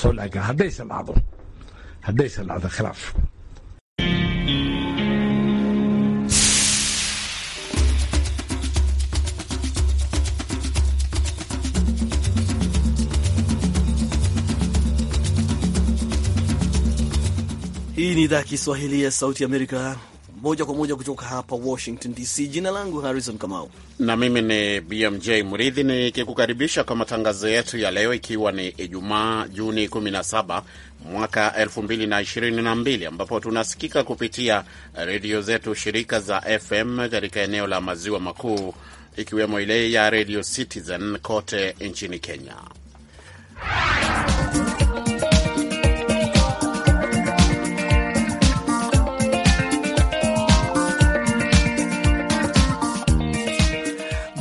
soodhaga haddaysan dhacdo haddaysan dhacdo khilaaf Hii ni idhaa ya Kiswahili ya Sauti Amerika moja kwa moja kutoka hapa Washington DC. Jina langu Harrison Kamau na mimi ni BMJ Mridhi nikikukaribisha kwa matangazo yetu ya leo, ikiwa ni Ijumaa Juni 17 mwaka 2022, ambapo tunasikika kupitia redio zetu shirika za FM katika eneo la maziwa makuu ikiwemo ile ya Radio Citizen kote nchini Kenya.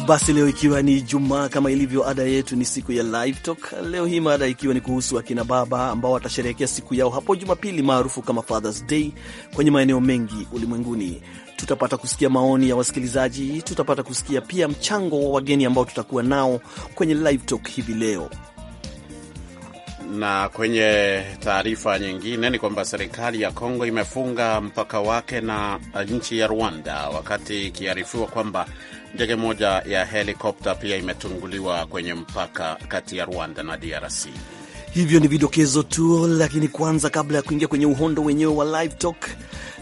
Basi leo ikiwa ni Jumaa, kama ilivyo ada yetu, ni siku ya live talk. Leo hii mada ikiwa ni kuhusu akina baba ambao watasherehekea siku yao hapo Jumapili, maarufu kama Father's Day kwenye maeneo mengi ulimwenguni. Tutapata kusikia maoni ya wasikilizaji, tutapata kusikia pia mchango wa wageni ambao tutakuwa nao kwenye live talk hivi leo na kwenye taarifa nyingine ni kwamba serikali ya Kongo imefunga mpaka wake na nchi ya Rwanda wakati ikiarifiwa kwamba Ndege moja ya helikopta pia imetunguliwa kwenye mpaka kati ya Rwanda na DRC. Hivyo ni vidokezo tu, lakini kwanza, kabla ya kuingia kwenye uhondo wenyewe wa live talk,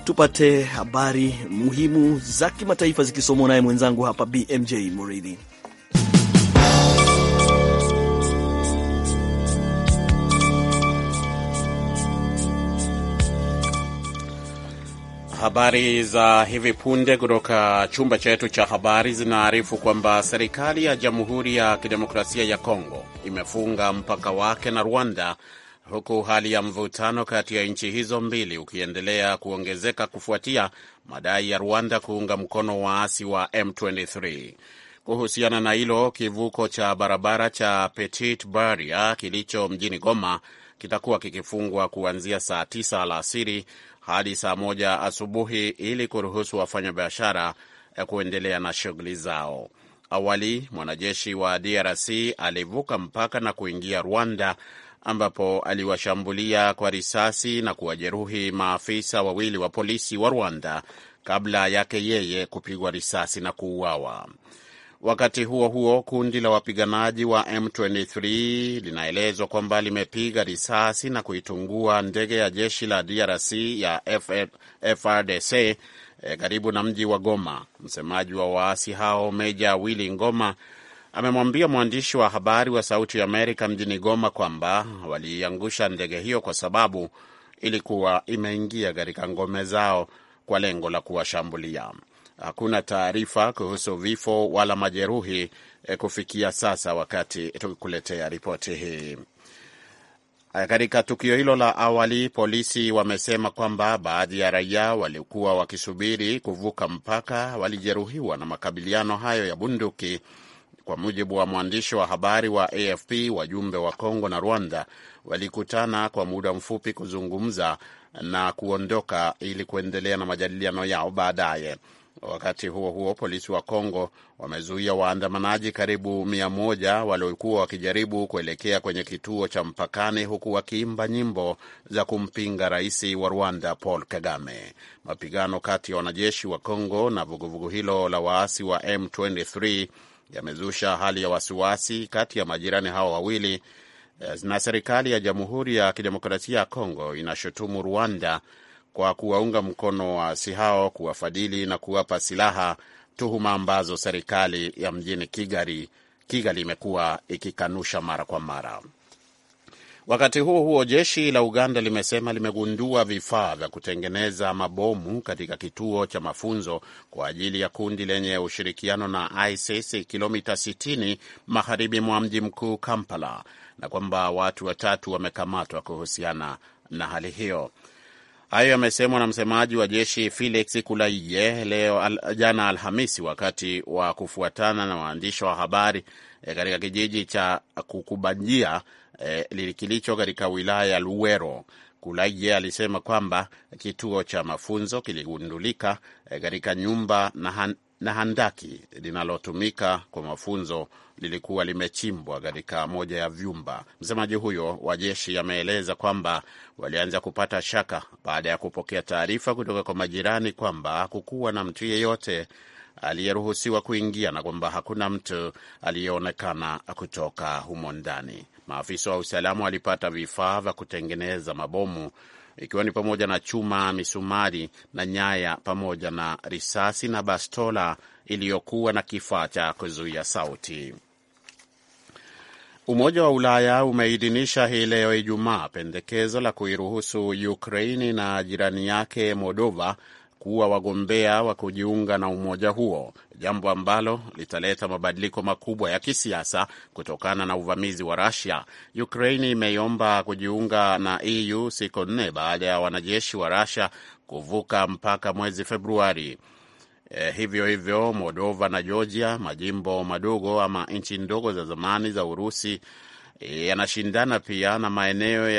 tupate habari muhimu za kimataifa zikisomwa naye mwenzangu hapa BMJ Muridhi. Habari za hivi punde kutoka chumba chetu cha habari zinaarifu kwamba serikali ya Jamhuri ya Kidemokrasia ya Kongo imefunga mpaka wake na Rwanda huku hali ya mvutano kati ya nchi hizo mbili ukiendelea kuongezeka kufuatia madai ya Rwanda kuunga mkono waasi wa M23. Kuhusiana na hilo, kivuko cha barabara cha Petit Baria kilicho mjini Goma kitakuwa kikifungwa kuanzia saa 9 alasiri hadi saa moja asubuhi ili kuruhusu wafanyabiashara eh, kuendelea na shughuli zao. Awali mwanajeshi wa DRC alivuka mpaka na kuingia Rwanda ambapo aliwashambulia kwa risasi na kuwajeruhi maafisa wawili wa polisi wa Rwanda kabla yake yeye kupigwa risasi na kuuawa. Wakati huo huo, kundi la wapiganaji wa M23 linaelezwa kwamba limepiga risasi na kuitungua ndege ya jeshi la DRC ya FRDC e, karibu na mji wa Goma. Msemaji wa waasi hao Meja Willy Ngoma amemwambia mwandishi wa habari wa Sauti ya Amerika mjini Goma kwamba waliiangusha ndege hiyo kwa sababu ilikuwa imeingia katika ngome zao kwa lengo la kuwashambulia hakuna taarifa kuhusu vifo wala majeruhi eh, kufikia sasa, wakati tukikuletea ripoti hii. Eh, katika tukio hilo la awali, polisi wamesema kwamba baadhi ya raia waliokuwa wakisubiri kuvuka mpaka walijeruhiwa na makabiliano hayo ya bunduki. Kwa mujibu wa mwandishi wa habari wa AFP, wajumbe wa Kongo na Rwanda walikutana kwa muda mfupi kuzungumza na kuondoka ili kuendelea na majadiliano yao baadaye. Wakati huo huo, polisi wa Kongo wamezuia waandamanaji karibu mia moja waliokuwa wakijaribu kuelekea kwenye kituo cha mpakani, huku wakiimba nyimbo za kumpinga rais wa Rwanda Paul Kagame. Mapigano kati ya wanajeshi wa Kongo na vuguvugu hilo la waasi wa M23 yamezusha hali ya wasiwasi kati ya majirani hao wawili, eh, na serikali ya Jamhuri ya Kidemokrasia ya Kongo inashutumu Rwanda kwa kuwaunga mkono waasi hao, kuwafadhili na kuwapa silaha, tuhuma ambazo serikali ya mjini Kigali Kigali imekuwa ikikanusha mara kwa mara. Wakati huo huo, jeshi la Uganda limesema limegundua vifaa vya kutengeneza mabomu katika kituo cha mafunzo kwa ajili ya kundi lenye ushirikiano na ISIS kilomita 60 magharibi mwa mji mkuu Kampala, na kwamba watu watatu wamekamatwa kuhusiana na hali hiyo. Hayo yamesemwa na msemaji wa jeshi Felix Kulaije leo al, jana Alhamisi wakati wa kufuatana na waandishi wa habari e, katika kijiji cha Kukubanjia e, kilicho katika wilaya ya Luwero. Kulaije alisema kwamba kituo cha mafunzo kiligundulika e, katika e, nyumba na, han, na handaki linalotumika kwa mafunzo lilikuwa limechimbwa katika moja ya vyumba. Msemaji huyo wa jeshi ameeleza kwamba walianza kupata shaka baada ya kupokea taarifa kutoka kwa majirani kwamba hakukuwa na mtu yeyote aliyeruhusiwa kuingia na kwamba hakuna mtu aliyeonekana kutoka humo ndani. Maafisa wa usalama walipata vifaa vya kutengeneza mabomu ikiwa ni pamoja na chuma, misumari na nyaya, pamoja na risasi na bastola iliyokuwa na kifaa cha kuzuia sauti. Umoja wa Ulaya umeidhinisha hii leo Ijumaa pendekezo la kuiruhusu Ukraini na jirani yake Moldova kuwa wagombea wa kujiunga na umoja huo, jambo ambalo litaleta mabadiliko makubwa ya kisiasa kutokana na uvamizi wa Rusia. Ukraini imeiomba kujiunga na EU siku nne baada ya wanajeshi wa Rusia kuvuka mpaka mwezi Februari. E, hivyo hivyo Moldova na Georgia, majimbo madogo ama nchi ndogo za zamani za Urusi E, yanashindana pia na maeneo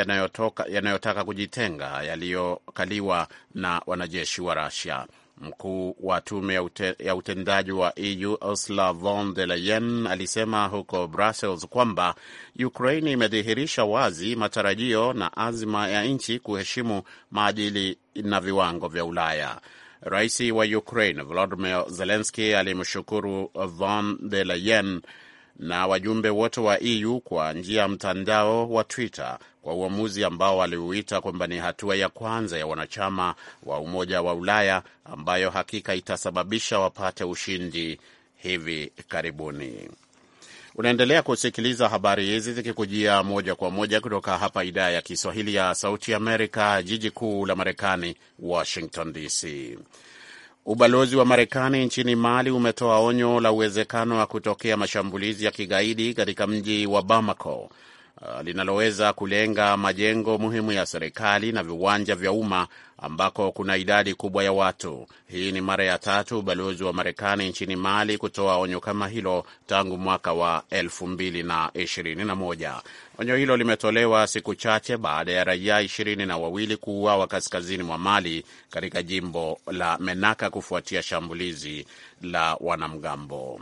yanayotaka kujitenga yaliyokaliwa na wanajeshi wa rasia Mkuu wa tume ya, ute, ya utendaji wa EU Ursula von der Leyen alisema huko Brussels kwamba Ukraine imedhihirisha wazi matarajio na azma ya nchi kuheshimu maadili na viwango vya Ulaya. Rais wa Ukraine Volodymyr Zelensky alimshukuru von der Leyen na wajumbe wote wa EU kwa njia ya mtandao wa Twitter kwa uamuzi ambao waliuita kwamba ni hatua ya kwanza ya wanachama wa Umoja wa Ulaya ambayo hakika itasababisha wapate ushindi hivi karibuni. Unaendelea kusikiliza habari hizi zikikujia moja kwa moja kutoka hapa idhaa ya Kiswahili ya Sauti Amerika, jiji kuu la Marekani, Washington DC. Ubalozi wa Marekani nchini Mali umetoa onyo la uwezekano wa kutokea mashambulizi ya kigaidi katika mji wa Bamako. Uh, linaloweza kulenga majengo muhimu ya serikali na viwanja vya umma ambako kuna idadi kubwa ya watu. Hii ni mara ya tatu ubalozi wa Marekani nchini Mali kutoa onyo kama hilo tangu mwaka wa 2021. Onyo hilo limetolewa siku chache baada ya raia ishirini na wawili kuuawa kaskazini mwa Mali katika jimbo la Menaka kufuatia shambulizi la wanamgambo.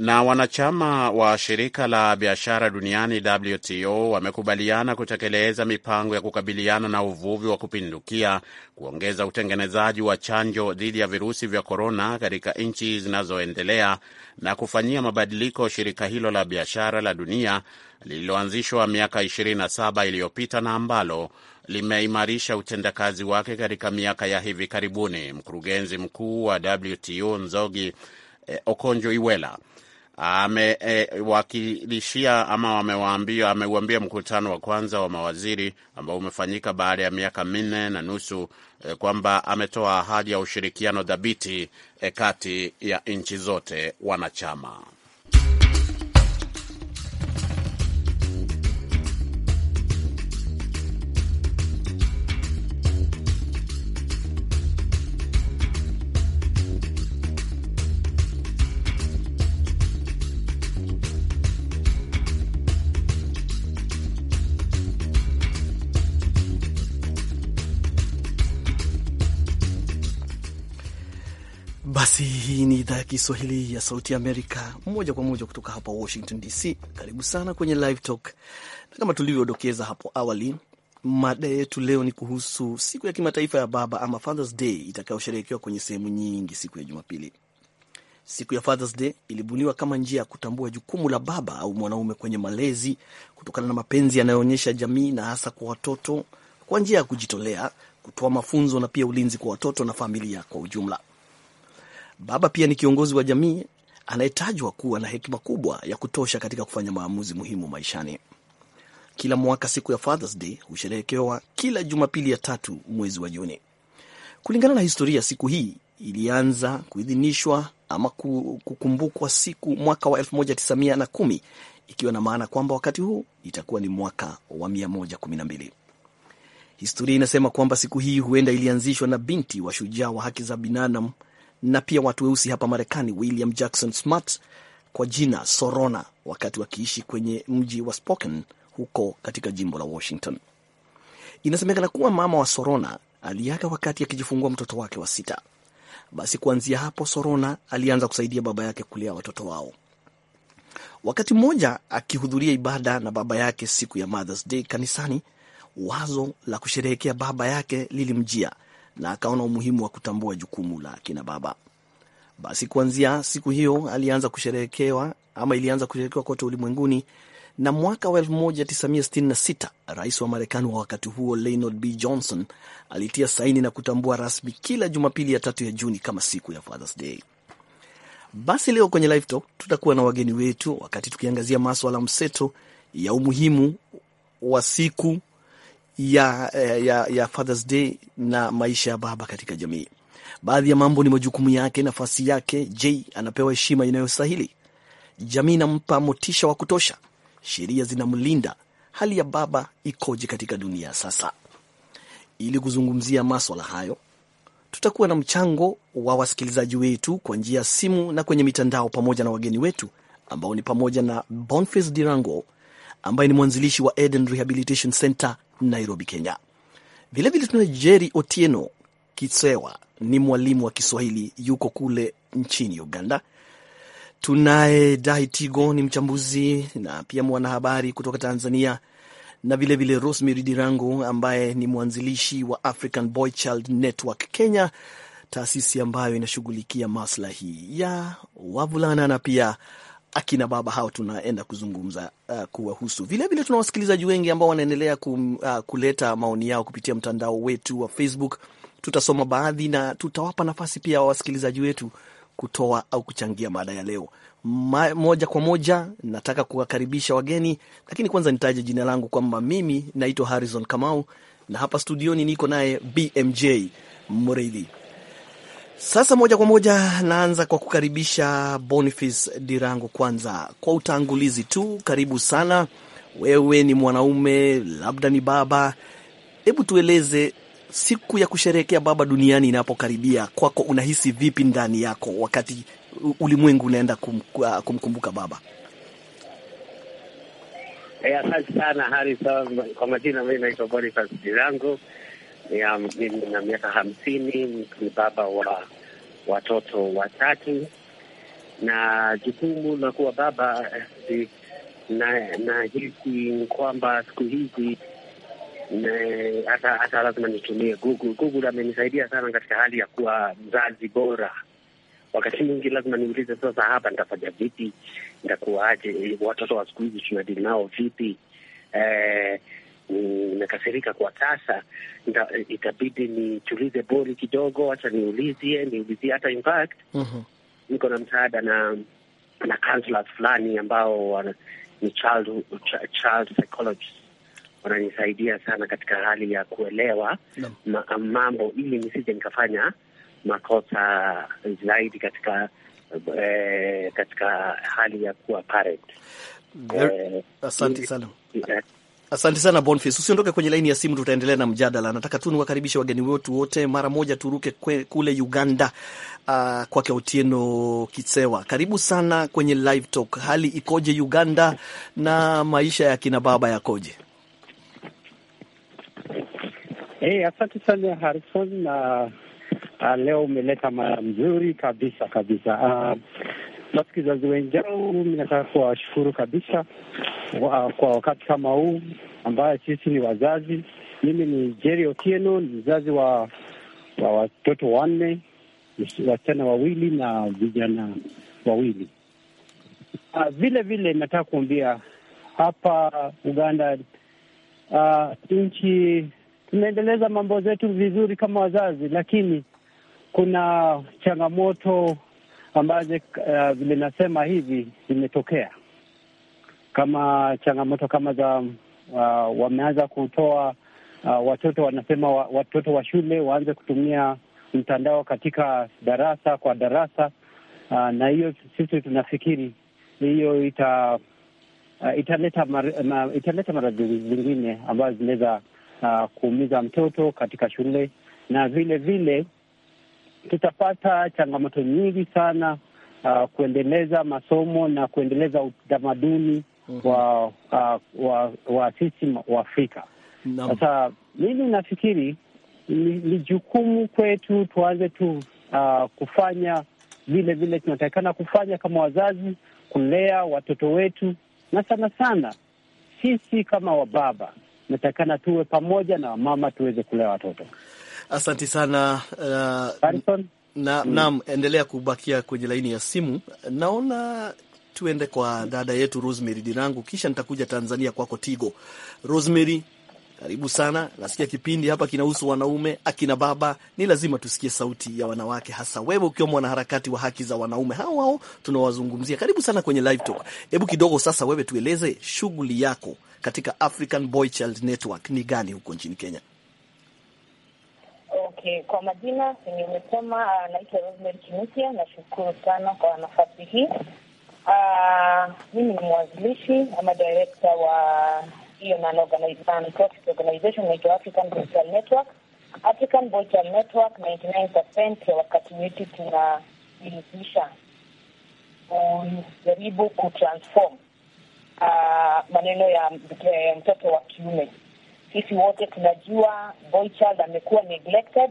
Na wanachama wa shirika la biashara duniani WTO wamekubaliana kutekeleza mipango ya kukabiliana na uvuvi wa kupindukia, kuongeza utengenezaji wa chanjo dhidi ya virusi vya korona katika nchi zinazoendelea na kufanyia mabadiliko shirika hilo la biashara la dunia lililoanzishwa miaka 27 iliyopita na ambalo limeimarisha utendakazi wake katika miaka ya hivi karibuni. Mkurugenzi mkuu wa WTO Nzogi eh, Okonjo Iweala amewakilishia e, ama wamewaambia ameuambia mkutano wa kwanza wa mawaziri ambao umefanyika baada ya miaka minne na nusu e, kwamba ametoa ahadi ya ushirikiano dhabiti e, kati ya nchi zote wanachama. Basi hii ni idhaa ya Kiswahili ya Sauti ya Amerika, moja kwa moja kutoka hapa Washington DC. Karibu sana kwenye Live Talk, na kama tulivyodokeza hapo awali, mada yetu leo ni kuhusu siku ya kimataifa ya baba ama Fathers Day itakayosherehekewa kwenye sehemu nyingi siku ya Jumapili. Siku ya Fathers Day ilibuniwa kama njia ya kutambua jukumu la baba au mwanaume kwenye malezi, kutokana na mapenzi yanayoonyesha jamii na hasa kwa watoto, kwa njia ya kujitolea, kutoa mafunzo na pia ulinzi kwa watoto na familia kwa ujumla. Baba pia ni kiongozi wa jamii anayetajwa kuwa na hekima kubwa ya kutosha katika kufanya maamuzi muhimu maishani. Kila mwaka siku ya Father's Day husherehekewa kila Jumapili ya tatu mwezi wa Juni. Kulingana na historia, siku hii ilianza kuidhinishwa ama kukumbukwa siku mwaka wa 1910 ikiwa na maana kwamba wakati huu itakuwa ni mwaka wa 112. Historia inasema kwamba siku hii huenda ilianzishwa na binti wa shujaa wa haki za binadamu na pia watu weusi hapa Marekani William Jackson Smart kwa jina Sorona wakati wakiishi kwenye mji wa Spokane huko katika jimbo la Washington. Inasemekana kuwa mama wa Sorona aliaga wakati akijifungua mtoto wake wa sita. Basi kuanzia hapo Sorona alianza kusaidia baba yake kulea watoto wao. Wakati mmoja akihudhuria ibada na baba yake siku ya Mother's Day kanisani, wazo la kusherehekea baba yake lilimjia na akaona umuhimu wa kutambua jukumu la kina baba. Basi kuanzia siku hiyo alianza kusherehekewa ama ilianza kusherehekewa kote ulimwenguni na mwaka wa 1966 rais wa Marekani wa wakati huo Lyndon B Johnson alitia saini na kutambua rasmi kila Jumapili ya tatu ya Juni kama siku ya Father's Day. Basi leo kwenye Live Talk tutakuwa na wageni wetu wakati tukiangazia maswala mseto ya umuhimu wa siku ya, eh, ya, ya Father's Day na maisha ya baba katika jamii. Baadhi ya mambo ni majukumu yake, nafasi yake. J anapewa heshima inayostahili? Jamii inampa motisha wa kutosha? Sheria zinamlinda? Hali ya baba ikoje katika dunia sasa? Ili kuzungumzia maswala hayo, tutakuwa na mchango wa wasikilizaji wetu kwa njia ya simu na kwenye mitandao, pamoja na wageni wetu ambao ni pamoja na Boniface Dirango ambaye ni mwanzilishi wa Eden Rehabilitation Center Nairobi, Kenya. Vilevile tuna Jeri Otieno Kisewa, ni mwalimu wa Kiswahili, yuko kule nchini Uganda. Tunaye Dahi Tigo, ni mchambuzi na pia mwanahabari kutoka Tanzania, na vilevile Rosemary Dirango ambaye ni mwanzilishi wa African Boy Child Network Kenya, taasisi ambayo inashughulikia maslahi ya wavulana na pia akina baba hao tunaenda kuzungumza uh, kuwahusu. Vilevile tuna wasikilizaji wengi ambao wanaendelea kum, uh, kuleta maoni yao kupitia mtandao wetu wa Facebook. Tutasoma baadhi na tutawapa nafasi pia wasikilizaji wetu kutoa au kuchangia mada ya leo. Ma, moja kwa moja nataka kuwakaribisha wageni, lakini kwanza nitaje jina langu kwamba mimi naitwa Harrison Kamau na hapa studioni niko naye BMJ Mridhi. Sasa moja kwa moja naanza kwa kukaribisha Boniface Dirango. Kwanza kwa utangulizi tu, karibu sana. Wewe ni mwanaume, labda ni baba. Hebu tueleze siku ya kusherehekea baba duniani inapokaribia, kwako unahisi vipi ndani yako wakati ulimwengu unaenda kum, kumkumbuka baba? Eh, asante hey, sana Harrison. Kwa majina mimi naitwa Boniface Dirango ya mjini na miaka hamsini. Ni baba wa watoto watatu, na jukumu la kuwa baba eh, na, na hisi kwamba siku hizi eh, hata lazima nitumie Google. Google amenisaidia sana katika hali ya kuwa mzazi bora. Wakati mwingi lazima niulize, sasa hapa nitafanya vipi? Nitakuwaje? watoto wa siku hizi tunadili nao vipi? eh, nimekasirika kwa sasa, itabidi nitulize boli kidogo, hacha niulizie niulizie. Hata in fact mhm. niko na msaada na na counselors fulani ambao ni child child wananisaidia sana katika hali ya kuelewa no. ma, mambo ili nisije nikafanya makosa zaidi katika e, katika hali ya kuwa parent. Eh, asante sana. Asante sana Bonfis, usiondoke kwenye laini ya simu, tutaendelea na mjadala. Nataka tu niwakaribishe wageni wetu wote mara moja, turuke kwe, kule Uganda. Uh, kwake Otieno Kitsewa, karibu sana kwenye Live Talk. Hali ikoje Uganda na maisha ya kina baba yakoje? Hey, eh, asante sana Harison na uh, leo umeleta mara mzuri kabisa kabisa. Uh, wasikilizaji wenzangu, mi nataka kuwashukuru kabisa kwa wakati kama huu ambaye sisi ni wazazi. Mimi ni Jerry Otieno, ni mzazi wa wa watoto wanne, wasichana wawili na vijana wawili. Uh, vile vile nataka kuambia hapa Uganda, uh, nchi tunaendeleza mambo zetu vizuri kama wazazi, lakini kuna changamoto ambazo uh, vile nasema hivi zimetokea kama changamoto kama za uh, wameanza kutoa uh, watoto wanasema wa, watoto wa shule waanze kutumia mtandao katika darasa kwa darasa uh, na hiyo sisi tunafikiri hiyo ita uh, italeta mar, ma, italeta maradhi zingine ambazo zinaweza uh, kuumiza mtoto katika shule na vile vile tutapata changamoto nyingi sana uh, kuendeleza masomo na kuendeleza utamaduni mm -hmm. wa, uh, wa wa sisi wa Afrika. Sasa mimi nafikiri ni, ni jukumu kwetu tuanze tu uh, kufanya vile vile tunatakikana kufanya kama wazazi, kulea watoto wetu, na sana sana sisi kama wababa natakikana tuwe pamoja na wamama tuweze kulea watoto. Asanti sana uh, na, mm. Endelea kubakia kwenye laini ya simu. Naona tuende kwa dada yetu Rosemary Dirangu, kisha nitakuja Tanzania kwako Tigo. Rosemary, karibu sana. Nasikia kipindi hapa kinahusu wanaume, akina baba. Ni lazima tusikie sauti ya wanawake, hasa wewe ukiwa mwanaharakati wa haki za wanaume hao hao tunawazungumzia. Karibu sana kwenye Live Talk. Hebu kidogo sasa, wewe tueleze shughuli yako katika African Boy Child Network ni gani huko nchini Kenya? Okay, kwa majina yenye umesema, uh, ah, Rosemary Kinuthia. Nashukuru sana kwa nafasi hii. Uh, mimi ni mwanzilishi ama director wa hiyo non-profit organization inaitwa African Digital Network. African Digital Network 99% ya wakati wetu tunajihusisha kujaribu kutransform uh, maneno ya mtoto wa kiume sisi wote tunajua boy child amekuwa neglected,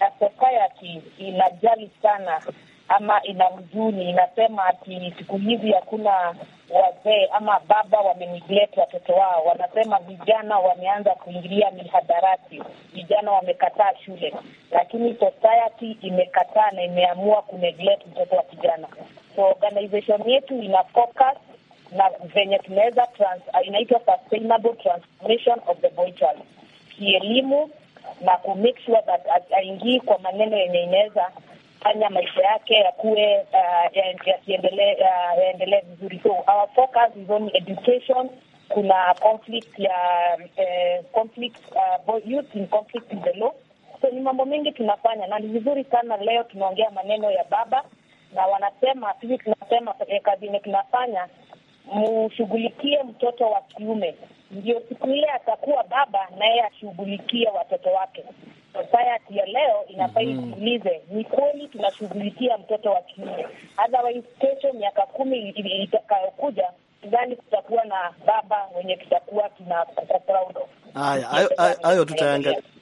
na society inajali sana ama ina huzuni, inasema ati siku hizi hakuna wazee ama baba wameneglect watoto wao. Wanasema vijana wameanza kuingilia mihadarati, vijana wamekataa shule, lakini society imekataa na imeamua kuneglect mtoto wa kijana. So organization yetu ina focus na venye tunaweza trans, uh, inaitwa sustainable transformation of the boy child kielimu, na ku make sure that aingii kwa maneno yenye inaweza fanya maisha yake yakuwe uh, yasiendelee uh, yaendelee vizuri. So our focus is on education. Kuna conflict ya um, eh, conflict uh, youth in conflict in the law. So ni mambo mengi tunafanya, na ni vizuri sana leo tunaongea maneno ya baba na wanasema sisi tunasema eh, kazi yenye tunafanya mshughulikie mtoto wa kiume, ndio siku ile atakuwa baba na yeye ashughulikie watoto wake. Society ya leo inafaa mhm. ikuulize, mm -hmm. Ni kweli tunashughulikia mtoto wa kiume? Otherwise kesho miaka kumi itakayokuja, sidhani kutakuwa na baba wenye tutakuwa tuna proud of Haya hayo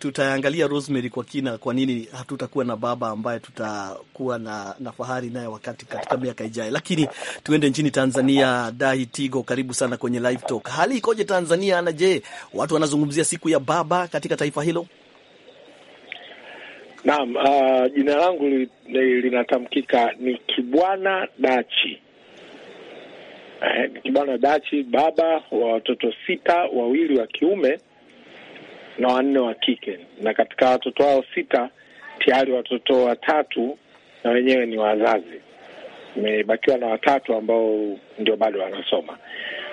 tutayangalia, Rosemary, kwa kina, kwa nini hatutakuwa na baba ambaye tutakuwa na, na fahari naye wakati katika miaka ijayo. Lakini tuende nchini Tanzania. Dahi Tigo, karibu sana kwenye Live Talk. Hali ikoje Tanzania, na je, watu wanazungumzia siku ya baba katika taifa hilo? Naam, uh, jina langu li, li, linatamkika ni Kibwana Dachi. Eh, Kibwana Dachi, baba wa watoto sita, wawili wa kiume na wanne wa kike, na katika watoto wao sita tayari watoto watatu na wenyewe ni wazazi. Imebakiwa na watatu ambao ndio bado wanasoma.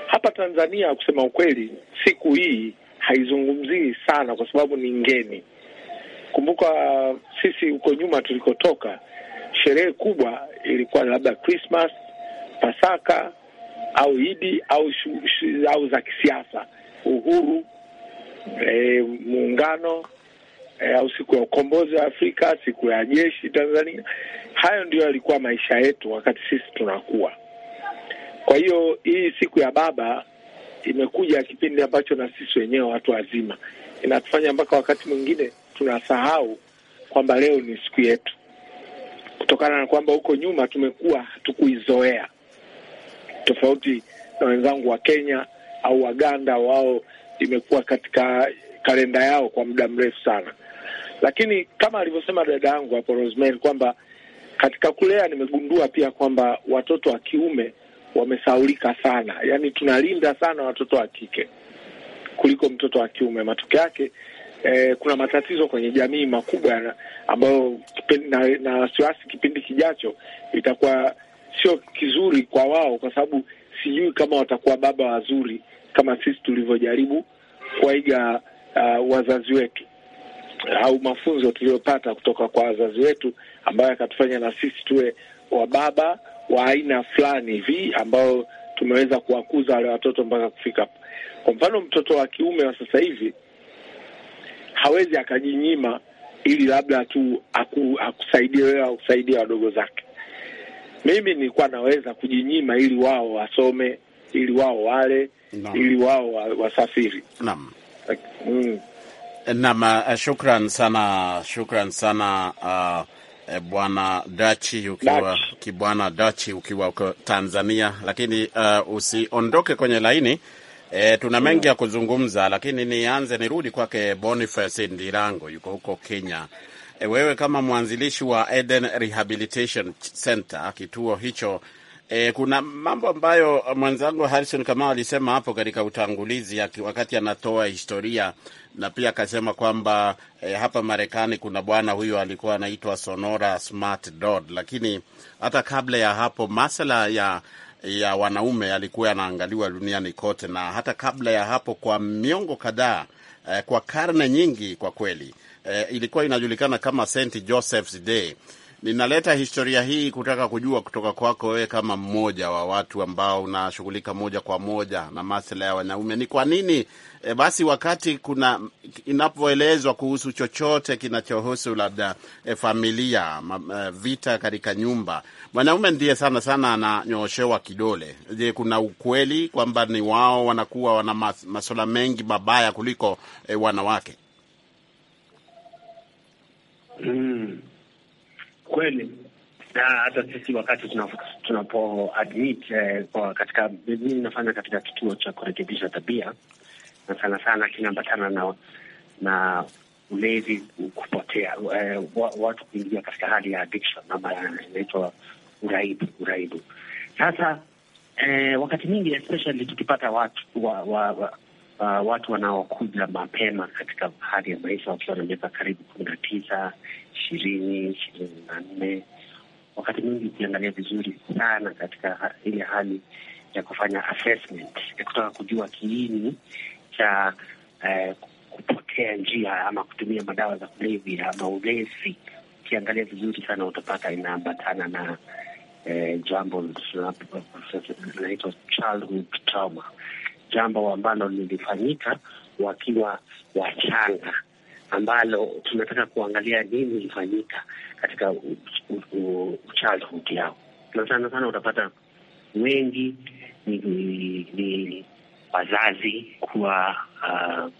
Hapa Tanzania, kusema ukweli, siku hii haizungumzii sana kwa sababu ni ngeni. Kumbuka sisi huko nyuma tulikotoka, sherehe kubwa ilikuwa labda Christmas, Pasaka au Idi au shu, shu, au za kisiasa, uhuru e, muungano e, au siku ya ukombozi wa Afrika, siku ya jeshi Tanzania. Hayo ndiyo yalikuwa maisha yetu wakati sisi tunakuwa. Kwa hiyo hii siku ya baba imekuja kipindi ambacho na sisi wenyewe watu wazima inatufanya mpaka wakati mwingine tunasahau kwamba leo ni siku yetu, kutokana na kwamba huko nyuma tumekuwa hatukuizoea, tofauti na wenzangu wa Kenya au Waganda, wao imekuwa katika kalenda yao kwa muda mrefu sana, lakini kama alivyosema dada yangu hapo Rosemary kwamba katika kulea nimegundua pia kwamba watoto wa kiume wamesaulika sana, yaani tunalinda sana watoto wa kike kuliko mtoto wa kiume. Matokeo yake eh, kuna matatizo kwenye jamii makubwa ambayo na wasiwasi kipindi kijacho itakuwa sio kizuri kwa wao, kwa sababu sijui kama watakuwa baba wazuri kama sisi tulivyojaribu kuwaiga uh, wazazi wetu au mafunzo tuliyopata kutoka kwa wazazi wetu ambayo yakatufanya na sisi tuwe wababa wa aina fulani hivi ambao tumeweza kuwakuza wale watoto mpaka kufika Kwa mfano, mtoto wa kiume wa sasa hivi hawezi akajinyima ili labda tu aku, akusaidie wewe au kusaidia wadogo zake. Mimi nilikuwa naweza kujinyima ili wao wasome, ili wao wale no. ili wao wasafiri naam. mm. Naam, eh, eh, shukran sana, shukran sana uh... E, Bwana Dachi ukiwa Kibwana Dachi ukiwa uko Tanzania, lakini uh, usiondoke kwenye laini e, tuna mm. mengi ya kuzungumza, lakini nianze nirudi kwake Boniface Ndirango, yuko huko Kenya. E, wewe kama mwanzilishi wa Eden Rehabilitation Center, kituo hicho E, kuna mambo ambayo mwenzangu Harrison Kamau alisema hapo katika utangulizi ya, wakati anatoa historia na pia akasema kwamba e, hapa Marekani kuna bwana huyo alikuwa anaitwa Sonora Smart Dodd, lakini hata kabla ya hapo masala ya ya wanaume alikuwa yanaangaliwa duniani kote, na hata kabla ya hapo kwa miongo kadhaa e, kwa karne nyingi kwa kweli e, ilikuwa inajulikana kama St Joseph's Day Ninaleta historia hii kutaka kujua kutoka kwako wewe, kama mmoja wa watu ambao unashughulika moja kwa moja na masuala ya wanaume, ni kwa nini e, basi wakati kuna inapoelezwa kuhusu chochote kinachohusu labda e, familia ma, e, vita katika nyumba, mwanaume ndiye sana sana ananyooshewa kidole. Je, kuna ukweli kwamba ni wao wanakuwa wana mas, masuala mengi mabaya kuliko e, wanawake? mm kweli, na hata sisi wakati tunapo admit eh, kwa katika mimi nafanya katika kituo cha kurekebisha tabia, na sana sana kinaambatana na na ulevi, kupotea eh, watu kuingia katika hali ya addiction ama inaitwa uraibu, uraibu. Sasa eh, wakati mwingi especially tukipata watu wa, wa, wa uh, watu wanaokuja mapema katika hali ya maisha wakiwa na miaka karibu kumi na tisa ishirini ishirini na nne wakati mwingi ukiangalia vizuri sana katika ile hali ya kufanya assessment ya kutaka kujua kiini cha eh, kupotea njia ama kutumia madawa za kulevya ama ulezi. Ukiangalia vizuri sana utapata inaambatana na eh, jambo linaitwa childhood trauma jambo ambalo lilifanyika wakiwa wachanga, ambalo tunataka kuangalia nini ilifanyika katika childhood yao, na sana sana utapata wengi ni, ni, ni wazazi kuwa uh,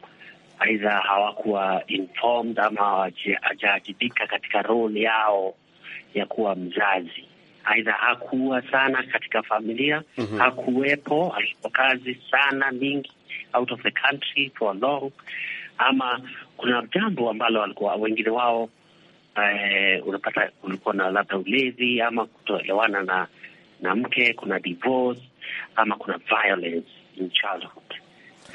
aidha hawakuwa informed ama hawajaajibika katika role yao ya kuwa mzazi aidha hakuwa sana katika familia mm -hmm. Hakuwepo, alikuwa kazi sana mingi out of the country for long, ama kuna jambo ambalo walikuwa wengine wao eh, unapata kulikuwa na labda ulezi ama kutoelewana na na mke, kuna divorce ama kuna violence in childhood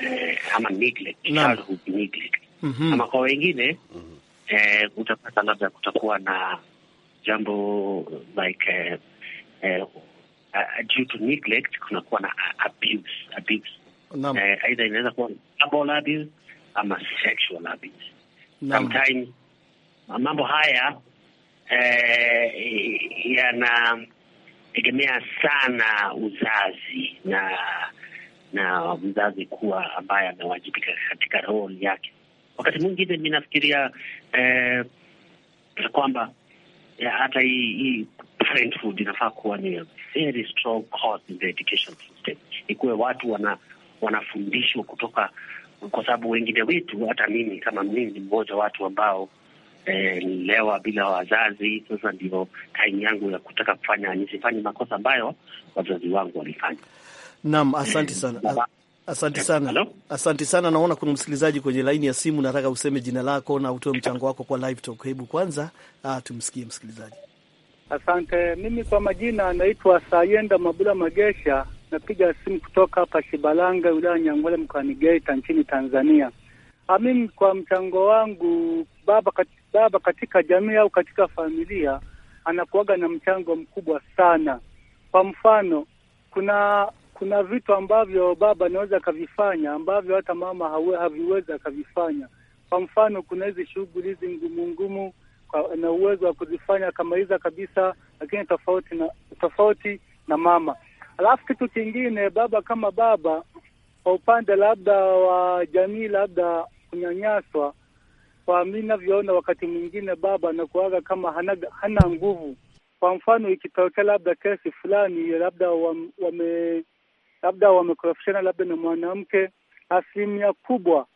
eh, ama neglect, childhood neglect mm -hmm. Ama kwa wengine mm -hmm. eh, utapata labda kutakuwa na jambo like uh, uh, uh, due to neglect kunakuwa na abuse abuse naam, uh, aidha inaweza kuwa verbal abuse ama sexual abuse sometimes. Mambo haya eh, uh, yanategemea sana uzazi na na mzazi kuwa ambaye amewajibika katika role yake. Wakati mwingine mi nafikiria eh, kwamba ya eh, hata hii hii inafaa kuwa ni very strong cause in the education system, ikuwe watu wana wanafundishwa kutoka, kwa sababu wengine wetu, hata mimi kama mimi ni mmoja watu ambao nilewa eh, bila wazazi. Sasa ndio time yangu ya kutaka kufanya nisifanye makosa ambayo wazazi wangu walifanya. Naam, asante sana. Asante eh, sana. Hello? Asante sana. Naona kuna msikilizaji kwenye laini ya simu, nataka useme jina lako na utoe mchango wako kwa live talk. Hebu kwanza ah, tumsikie msikilizaji. Asante. Mimi kwa majina naitwa Sayenda Mabula Magesha, napiga simu kutoka hapa Shibalanga, wilaya Nyangole, mkoani Geita, nchini Tanzania. Ah, mimi kwa mchango wangu baba, katika, baba katika jamii au katika familia anakuaga na mchango mkubwa sana. Kwa mfano kuna kuna vitu ambavyo baba anaweza akavifanya ambavyo hata mama hawe, haviwezi akavifanya. Kwa mfano, kuna hizi shughuli hizi ngumu ngumu na uwezo wa kuzifanya akamaliza kabisa, lakini tofauti na tofauti na mama. Alafu kitu kingine, baba kama baba, kwa upande labda wa jamii, labda kunyanyaswa, kwa mi navyoona, wakati mwingine baba anakuaga kama hana, hana nguvu. Kwa mfano ikitokea labda kesi fulani labda wame labda wamekorofishana, labda na mwanamke, asilimia kubwa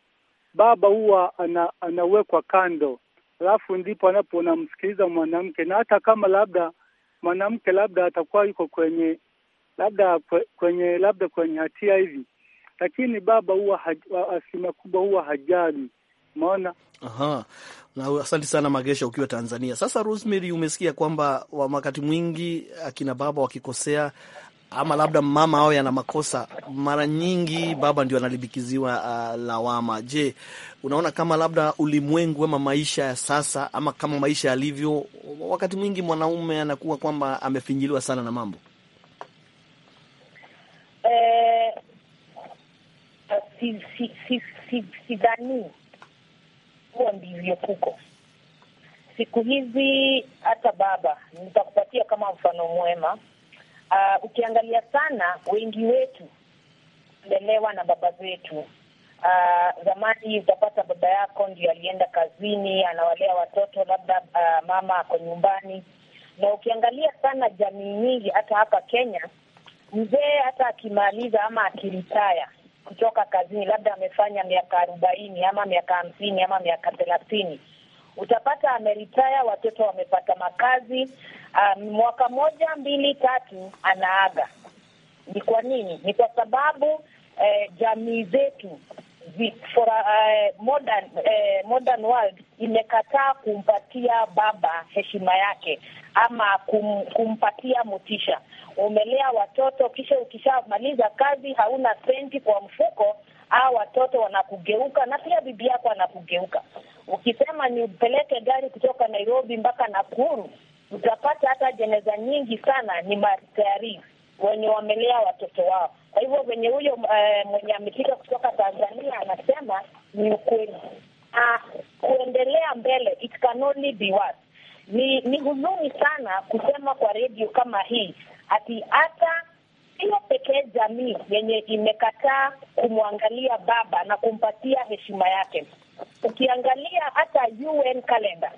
baba huwa ana, anawekwa kando, alafu ndipo anapo anamsikiliza mwanamke, na hata kama labda mwanamke labda atakuwa yuko kwenye labda kwenye labda kwenye hatia hivi, lakini baba huwa asilimia kubwa huwa hajali. Umeona? Aha. Na asante sana Magesha, ukiwa Tanzania. Sasa Rosemary, umesikia kwamba wakati mwingi akina baba wakikosea ama labda mama awe ana makosa, mara nyingi baba ndio analibikiziwa uh, lawama. Je, unaona kama labda ulimwengu ama maisha ya sasa ama kama maisha yalivyo, wakati mwingi mwanaume anakuwa kwamba amefinyiliwa sana na mambo eh, sidhani huwa ndivyo kuko siku hizi. Hata baba nitakupatia kama mfano mwema uh, ukiangalia sana wengi wetu lelewa na baba zetu. Uh, zamani utapata baba yako ndio alienda kazini, anawalea watoto, labda uh, mama ako nyumbani. Na ukiangalia sana jamii nyingi, hata hapa Kenya, mzee hata akimaliza ama akiritaya kutoka kazini, labda amefanya miaka arobaini ama miaka hamsini ama miaka thelathini, utapata ameritaya, watoto wamepata makazi um, mwaka moja mbili tatu anaaga. Ni kwa nini? Ni kwa sababu eh, jamii zetu for uh, modern, eh, modern world imekataa kumpatia baba heshima yake ama kum, kumpatia motisha. Umelea watoto kisha ukishamaliza kazi hauna senti kwa mfuko, au watoto wanakugeuka na pia bibi yako anakugeuka. Ukisema ni upeleke gari kutoka Nairobi mpaka Nakuru, utapata hata jeneza nyingi sana ni matayari wenye wamelea watoto wao. Kwa hivyo venye huyo e, mwenye amefika kutoka Tanzania anasema ni ukweli. Ah, kuendelea mbele, it can only be worse. Ni ni huzuni sana kusema kwa redio kama hii ati hata hiyo pekee jamii yenye imekataa kumwangalia baba na kumpatia heshima yake Ukiangalia hata UN calendar,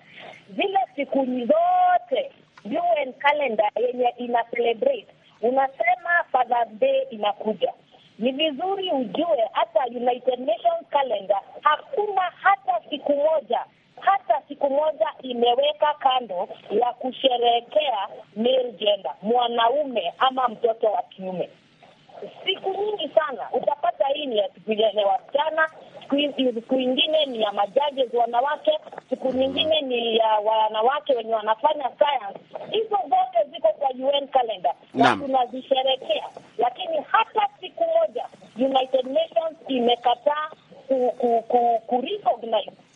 zile siku zote UN calendar yenye ina celebrate, unasema Father's Day inakuja. Ni vizuri ujue hata United Nations calendar hakuna hata siku moja hata siku moja imeweka kando ya kusherehekea male gender, mwanaume ama mtoto wa kiume. Siku nyingi sana utapata hii ni ya siku yenye wasichana, siku ingine ni ya majudges wanawake, siku nyingine ni ya wanawake wenye wanafanya science. Hizo zote ziko kwa UN calendar na tunazisherekea, lakini hata siku moja United Nations imekataa ku, ku, ku, ku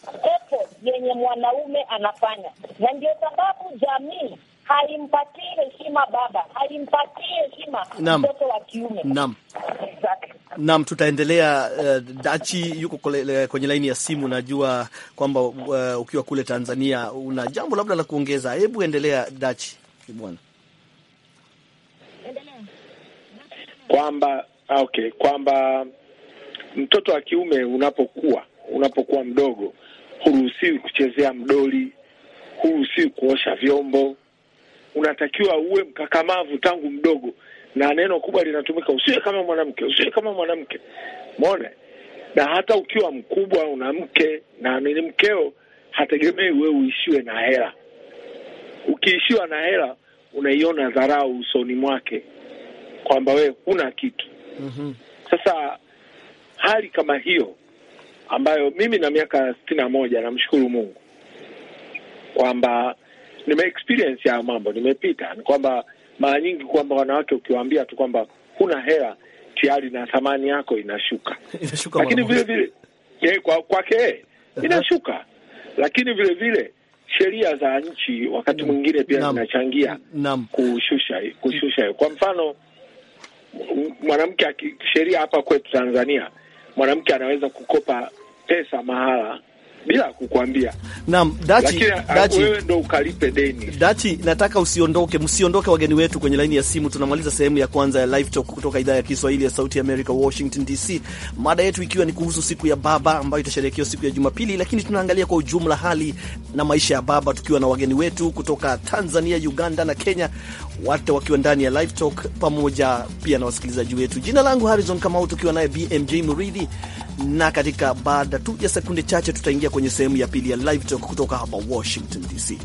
effort yenye mwanaume anafanya, na ndio sababu jamii halimpatii heshima baba, halimpatii heshima mtoto wa kiume. Naam, naam, tutaendelea. Uh, Dachi yuko kule, kwenye laini ya simu. Najua kwamba uh, ukiwa kule Tanzania una jambo labda la kuongeza. Hebu endelea Dachi bwana, kwamba ah, okay, kwamba mtoto wa kiume unapokuwa unapokuwa mdogo huruhusiwi kuchezea mdoli, huruhusiwi kuosha vyombo unatakiwa uwe mkakamavu tangu mdogo, na neno kubwa linatumika, usiwe kama mwanamke, usiwe kama mwanamke. Umeona, na hata ukiwa mkubwa una mke na ni mkeo, hategemei wewe uishiwe na hela. Ukiishiwa na hela, unaiona dharau usoni mwake kwamba wewe huna kitu. mm -hmm. Sasa hali kama hiyo ambayo mimi na miaka sitini na moja namshukuru Mungu kwamba nime experience ya mambo nimepita, ni kwamba mara nyingi kwamba wanawake ukiwaambia tu kwamba huna hela tayari na thamani yako inashuka, inashuka lakini vile vile ye, eh, kwa kwake eh, inashuka, lakini vile vile sheria za nchi wakati mwingine pia zinachangia kushusha kushusha hiyo. Kwa mfano mwanamke, sheria hapa kwetu Tanzania, mwanamke anaweza kukopa pesa mahala bila kukwambia. Naam, Dachi, ah, Dachi, wewe ndo ukalipe deni. Dachi, nataka usiondoke, msiondoke wageni wetu kwenye laini ya simu. Tunamaliza sehemu ya kwanza ya live talk kutoka idhaa ya Kiswahili ya Sauti ya America, Washington DC, mada yetu ikiwa ni kuhusu siku ya baba ambayo itasherehekewa siku ya Jumapili, lakini tunaangalia kwa ujumla hali na maisha ya baba, tukiwa na wageni wetu kutoka Tanzania, Uganda na Kenya wate wakiwa ndani ya live talk pamoja pia na wasikilizaji wetu. Jina langu Harrison Kamau, tukiwa naye BMJ Muridhi, na katika baada tu ya sekunde chache tutaingia kwenye sehemu ya pili ya live talk kutoka hapa Washington DC.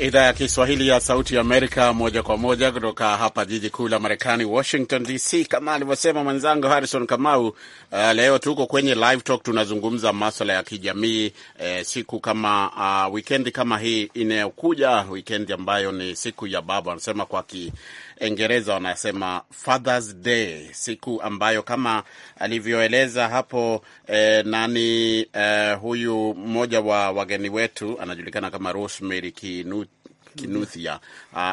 idhaa ya Kiswahili ya Sauti ya Amerika, moja kwa moja kutoka hapa jiji kuu la Marekani, Washington DC. Kama alivyosema mwenzangu Harrison Kamau, uh, leo tuko kwenye live talk, tunazungumza maswala ya kijamii eh, siku kama uh, wikendi kama hii inayokuja, wikendi ambayo ni siku ya baba, anasema kwa ki Ingereza wanasema Father's Day, siku ambayo kama alivyoeleza hapo eh, nani eh, huyu mmoja wa wageni wetu anajulikana kama Rosemary Kinut Kinuthia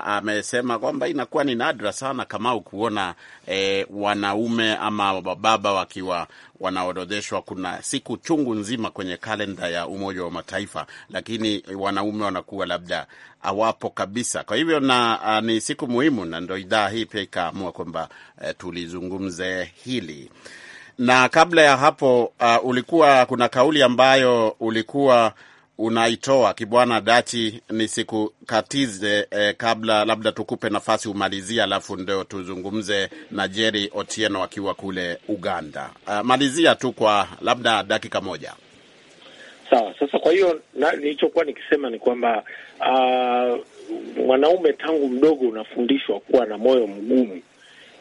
amesema kwamba inakuwa ni nadra sana kama kuona e, wanaume ama wababa wakiwa wanaorodheshwa. Kuna siku chungu nzima kwenye kalenda ya Umoja wa Mataifa, lakini wanaume wanakuwa labda awapo kabisa. Kwa hivyo na uh, ni siku muhimu, na ndo idhaa hii pia ikaamua kwamba uh, tulizungumze hili na kabla ya hapo uh, ulikuwa kuna kauli ambayo ulikuwa unaitoa Kibwana siku katize eh, kabla labda tukupe nafasi umalizia, alafu ndio tuzungumze na Jerry Otieno akiwa kule Uganda. Uh, malizia tu kwa labda dakika moja. Sawa. Sasa kwa hiyo nilichokuwa nikisema ni kwamba uh, ah, mwanaume tangu mdogo unafundishwa kuwa na moyo mgumu,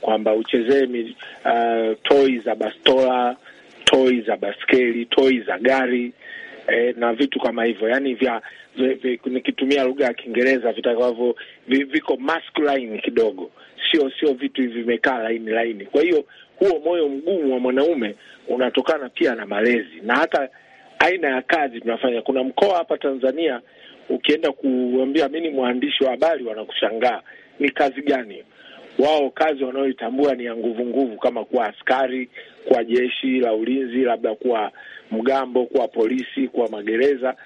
kwamba uchezee uh, ah, toi za bastola, toi za baskeli, toi za gari eh, na vitu kama hivyo, yani vya, nikitumia lugha ya Kiingereza vitakavyo viko masculine kidogo, sio sio vitu hivi vimekaa laini laini. Kwa hiyo huo moyo mgumu wa mwanaume unatokana pia na malezi na hata aina ya kazi tunafanya. Kuna mkoa hapa Tanzania ukienda kuambia mi ni mwandishi wa habari, wanakushangaa ni kazi gani? Wao kazi wanaoitambua ni ya nguvu nguvu, kama kuwa askari, kuwa jeshi la ulinzi, labda kuwa mgambo, kuwa polisi, kuwa magereza.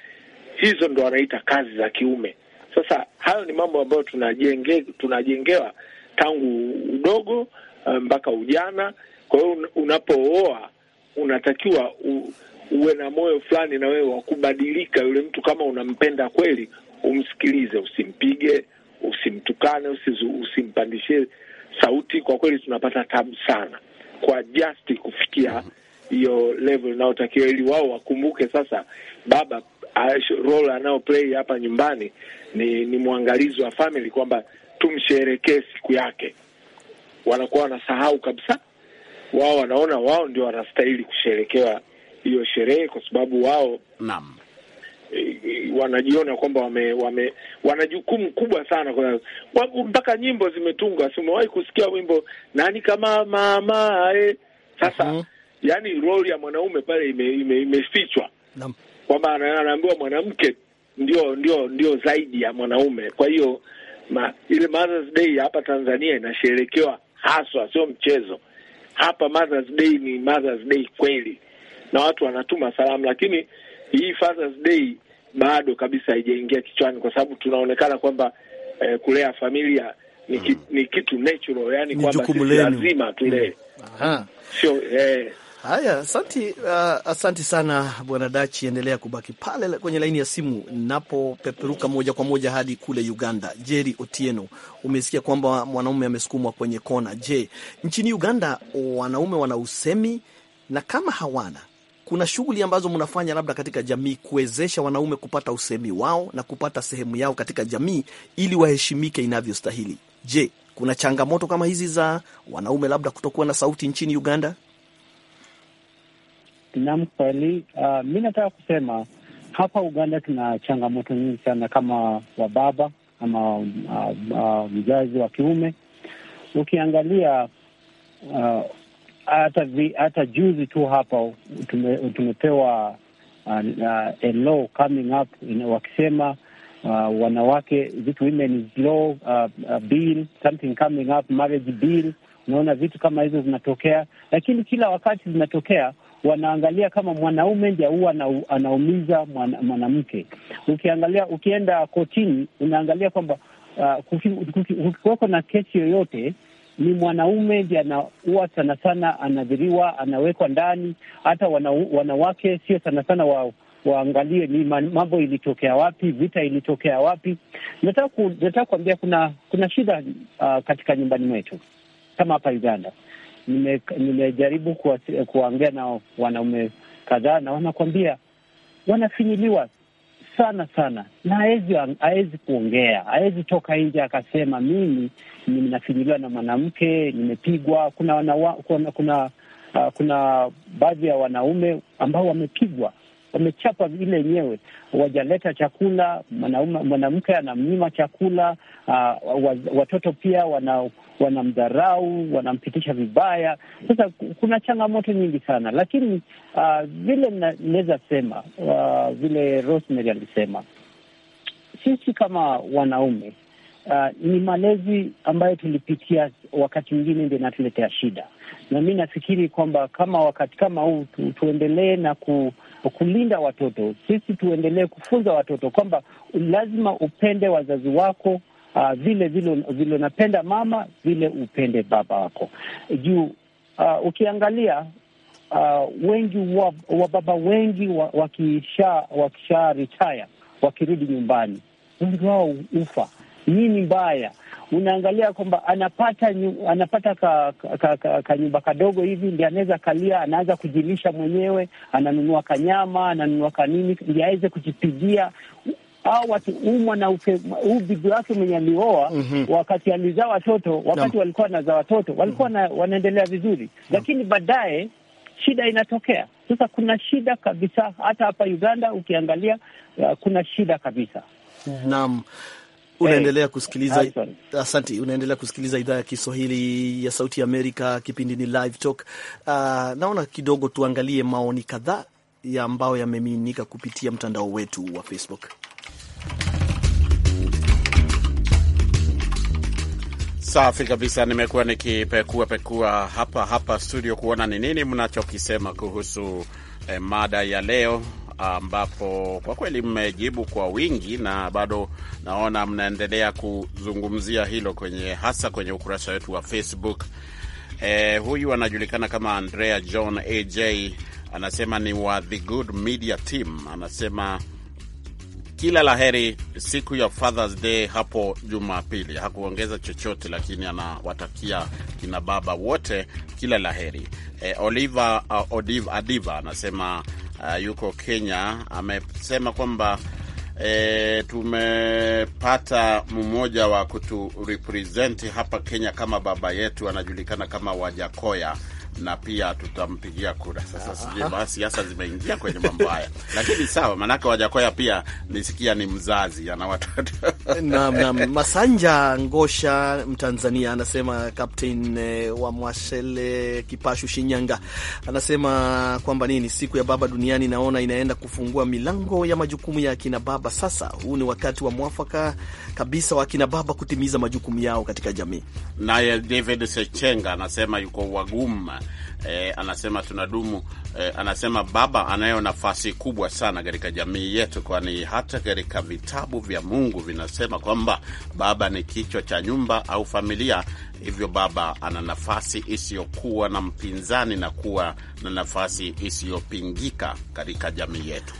Hizo ndo wanaita kazi za kiume. Sasa hayo ni mambo ambayo tunajenge, tunajengewa tangu udogo eh, mpaka ujana. Kwa hiyo unapooa unatakiwa u, uwe na moyo fulani na wewe wakubadilika. Yule mtu kama unampenda kweli, umsikilize, usimpige, usimtukane, usimpandishie sauti. Kwa kweli tunapata tabu sana kwa just kufikia hiyo level inayotakiwa, ili wao wakumbuke sasa baba role play hapa nyumbani ni ni mwangalizi wa family, kwamba tumsherekee siku yake. Wanakuwa wanasahau kabisa, wao wanaona wao ndio wanastahili kusherekewa hiyo sherehe kwa sababu wao naam e, e, wanajiona kwamba wame, wame wana jukumu kubwa sana kwa mpaka nyimbo zimetungwa. simewahi kusikia wimbo nani kama mama e. Sasa mm -hmm. Yani role ya mwanaume pale imefichwa ime, ime kwamba anaambiwa mwanamke ndio ndio ndio zaidi ya mwanaume. Kwa hiyo ma, ile Mother's Day hapa Tanzania inasherekewa haswa, sio mchezo hapa. Mother's Day ni Mother's Day kweli na watu wanatuma salamu, lakini hii Father's Day bado kabisa haijaingia kichwani, kwa sababu tunaonekana kwamba eh, kulea familia ni, ki, hmm. ni kitu natural, yani kwamba lazima tulee. Sio eh, Haya, asanti, uh, asanti sana bwana Dachi, endelea kubaki pale kwenye laini ya simu. Napopeperuka moja kwa moja hadi kule Uganda. Jerry Otieno, umesikia kwamba mwanaume amesukumwa kwenye kona. Je, nchini Uganda wanaume wana usemi, na kama hawana kuna shughuli ambazo mnafanya labda katika jamii kuwezesha wanaume kupata usemi wao na kupata sehemu yao katika jamii ili waheshimike inavyostahili. Je, kuna changamoto kama hizi za wanaume labda kutokuwa na sauti nchini Uganda? Naam, kweli. Uh, mi nataka kusema hapa Uganda tuna changamoto nyingi sana kama wababa ama ah, ah, mzazi uh, uh, wa kiume ukiangalia uh, hata hata juzi tu hapa tume, tumepewa uh, uh, a law coming up wakisema uh, wanawake vitu women law uh, uh, bill something coming up marriage bill. Unaona vitu kama hizo zinatokea, lakini kila wakati zinatokea wanaangalia kama mwanaume ndiye huwa anaumiza mwanamke. Ukiangalia, ukienda kotini unaangalia kwamba uh, kukiweko na kesi yoyote ni mwanaume ndiye anakuwa sana sana anadhiriwa, anawekwa ndani. Hata wana, wanawake sio sana sana wa, waangalie ni mambo ilitokea wapi, vita ilitokea wapi. Nataka kuambia kuna kuna shida uh, katika nyumbani mwetu kama hapa Uganda. Nime, nimejaribu kuongea na wanaume kadhaa na wanakwambia wanafinyiliwa sana sana, na hawezi kuongea, hawezi toka nje akasema mimi ninafinyiliwa na mwanamke, nimepigwa. Kuna kuna, kuna, uh, kuna baadhi ya wanaume ambao wamepigwa wamechapa ile yenyewe, wajaleta chakula, mwanamke anamnyima chakula, uh, watoto pia wana wanamdharau, wanampitisha vibaya. Sasa kuna changamoto nyingi sana, lakini uh, vile naweza sema uh, vile Rosemary alisema, sisi kama wanaume Uh, ni malezi ambayo tulipitia, wakati mwingine ndio inatuletea shida, na mi nafikiri kwamba kama wakati kama huu tu, tuendelee na ku kulinda watoto, sisi tuendelee kufunza watoto kwamba lazima upende wazazi wako uh, vile vile unapenda mama, vile upende baba wako juu uh, ukiangalia uh, wengi wa, baba wengi wa, wakisha wakisha retire wakirudi nyumbani wengi wao ufa. nini ni mbaya unaangalia kwamba anapata nyu, anapata ka, ka, ka, ka, kanyumba kadogo hivi ndi anaweza kalia, anaanza kujilisha mwenyewe, ananunua kanyama, ananunua kanini ndi aweze kujipigia au umwa na huu bibi wake mwenye alioa mm -hmm. Wakati alizaa watoto wakati no. walikuwa wanazaa watoto walikuwa mm -hmm. wanaendelea vizuri no. Lakini baadaye shida inatokea. Sasa kuna shida kabisa, hata hapa Uganda ukiangalia, uh, kuna shida kabisa. Naam. Unaendelea eh, kusikiliza, asante. Unaendelea kusikiliza idhaa ya Kiswahili ya Sauti Amerika, kipindi ni Live Talk. Uh, naona kidogo tuangalie maoni kadhaa ya ambayo yamemiminika kupitia mtandao wetu wa Facebook. Safi kabisa, nimekuwa nikipekua pekua hapa hapa studio kuona ni nini mnachokisema kuhusu eh, mada ya leo ambapo kwa kweli mmejibu kwa wingi, na bado naona mnaendelea kuzungumzia hilo kwenye hasa kwenye ukurasa wetu wa Facebook. Eh, huyu anajulikana kama Andrea John AJ anasema ni wa The Good Media Team, anasema kila laheri siku ya Father's Day hapo Jumapili. Hakuongeza chochote, lakini anawatakia kina baba wote kila laheri. Eh, Oliva, uh, Adiva anasema uh, yuko Kenya amesema kwamba E, tumepata mmoja wa kuturepresenti hapa Kenya kama baba yetu anajulikana kama Wajakoya na pia tutampigia kura. Sasa sijui basi siasa zimeingia kwenye mambo haya, lakini sawa, maanake Wajakoya pia nisikia ni mzazi ana watoto naam, naam. Masanja Ngosha Mtanzania anasema Captain eh, wa Mwashele Kipashu Shinyanga anasema kwamba nini, siku ya baba duniani naona inaenda kufungua milango ya majukumu ya akina baba. Sasa huu ni wakati wa mwafaka kabisa wa akina baba kutimiza majukumu yao katika jamii. Naye David Sechenga anasema yuko wagumu e, anasema tunadumu e, anasema baba anayo nafasi kubwa sana katika jamii yetu, kwani hata katika vitabu vya Mungu vinasema kwamba baba ni kichwa cha nyumba au familia. Hivyo baba ana nafasi isiyokuwa na mpinzani na kuwa na nafasi isiyopingika katika jamii yetu.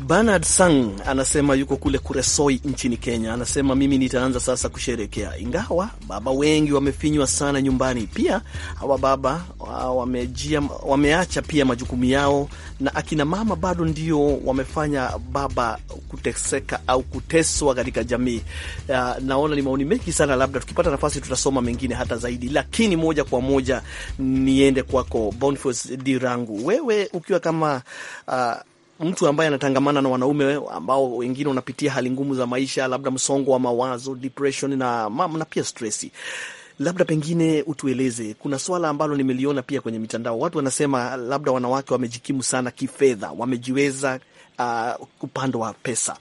Bernard Sang anasema yuko kule Kuresoi nchini Kenya. Anasema mimi nitaanza sasa kusherekea, ingawa baba wengi wamefinywa sana nyumbani. Pia hawa baba ah, wamejia, wameacha pia majukumu yao, na akina mama bado ndio wamefanya baba kuteseka au kuteswa katika jamii. Ah, naona ni maoni mengi sana, labda tukipata nafasi tutasoma mengine hata zaidi, lakini moja kwa moja niende kwako Boniface Dirangu, wewe ukiwa kama uh, mtu ambaye anatangamana na wanaume ambao wengine wanapitia hali ngumu za maisha, labda msongo wa mawazo depression, na, na pia stresi labda pengine utueleze, kuna swala ambalo nimeliona pia kwenye mitandao, watu wanasema labda wanawake wamejikimu sana kifedha, wamejiweza uh, upande wa pesa.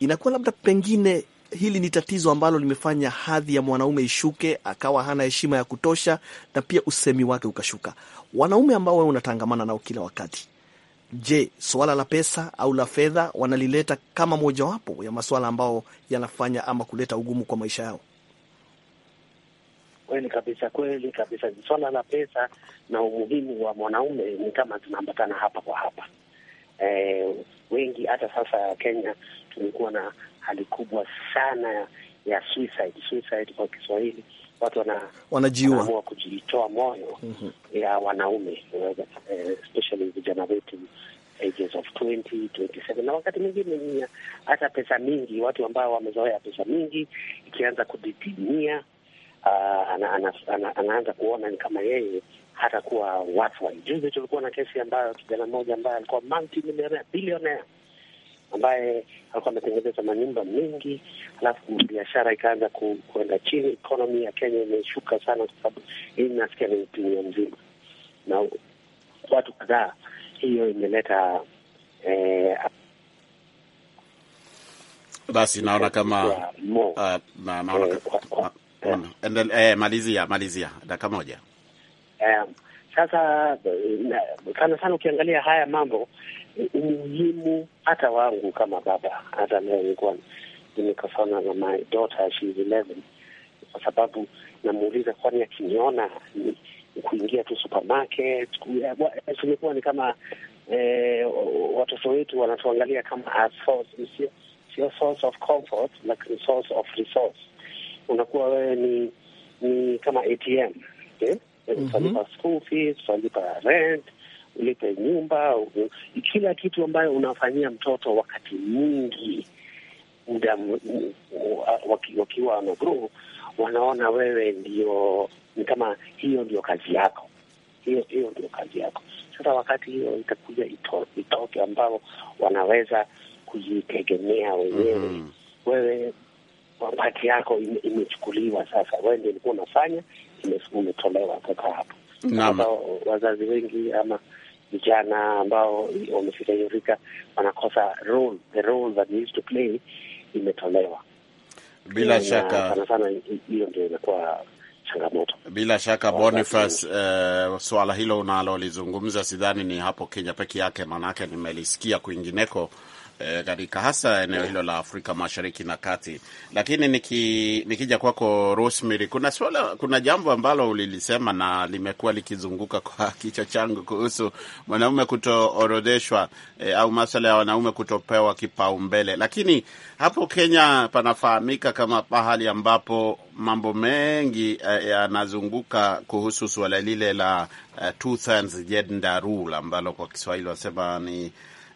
Inakuwa labda pengine hili ni tatizo ambalo limefanya hadhi ya mwanaume ishuke, akawa hana heshima ya kutosha, na pia usemi wake ukashuka. Wanaume ambao wewe unatangamana nao kila wakati, Je, suala la pesa au la fedha wanalileta kama mojawapo ya masuala ambao yanafanya ama kuleta ugumu kwa maisha yao? Kweli kabisa, kweli kabisa. Suala la pesa na umuhimu wa mwanaume ni kama tunaambatana hapa kwa hapa. E, wengi hata sasa Kenya tumekuwa na hali kubwa sana ya suicide, suicide kwa Kiswahili watu wana, wanajiua wa kujitoa moyo mm -hmm. ya wanaume eh, especially vijana wetu ages of 20, 27 na wakati mwingine hata pesa mingi, watu ambao wamezoea pesa mingi ikianza kudidimia Uh, ana, ana, ana, anaanza kuona ni kama yeye hata kuwa watu wa juzi. Tulikuwa na kesi ambayo kijana mmoja ambaye alikuwa multi millionaire billionaire ambaye alikuwa ametengeneza manyumba mengi, alafu biashara ikaanza kuenda chini. Ekonomi ya Kenya imeshuka sana, kwa sababu hii nasikia ni dunia mzima na watu kadhaa. Hiyo imeleta eh, basi naona kama uh, na, naona eh, kwa, kwa, eh. eh, malizia malizia dakika moja eh, sasa eh, sana sana ukiangalia haya mambo umuhimu hata wangu kama baba, hata leo nilikuwa nimekafana na my daughter she is 11, kwa sababu namuuliza, kwani akiniona kuingia tu supermarket tumekuwa ni kama eh, watoto wetu wanatuangalia kama a source, sio, sio source of comfort lakini source of resource. Unakuwa wewe ni ni kama ATM, okay? Eh? mm -hmm. Tutalipa school fees, tutalipa rent ulipe nyumba, kila kitu ambayo unafanyia mtoto wakati mwingi muda waki, wakiwa wanagrow wanaona wewe ndio ni kama hiyo ndio kazi yako, hiyo hiyo ndio kazi yako. Sasa wakati hiyo itakuja itoke ito, ambao wanaweza kujitegemea wenyewe mm -hmm. Wewe wakati yako imechukuliwa, sasa wewe ndio ulikuwa unafanya, umetolewa toka hapo. Sasa wazazi wengi ama vijana ambao wamefika hiyo fika wanakosa role, the role that they used to play imetolewa bila ina, shaka sana sana hiyo ndio imekuwa bila shaka Boniface. Uh, swala hilo unalolizungumza sidhani ni hapo Kenya peke yake, maanake nimelisikia kwingineko e, katika hasa eneo hilo la Afrika Mashariki na Kati. Lakini niki, nikija kwako Rosemary, kuna swala, kuna jambo ambalo ulilisema na limekuwa likizunguka kwa kichwa changu kuhusu mwanaume kutoorodheshwa e, au masala ya wanaume kutopewa kipaumbele. Lakini hapo Kenya panafahamika kama pahali ambapo mambo mengi eh, yanazunguka e, kuhusu suala lile la e, two thirds gender rule ambalo kwa Kiswahili wasema ni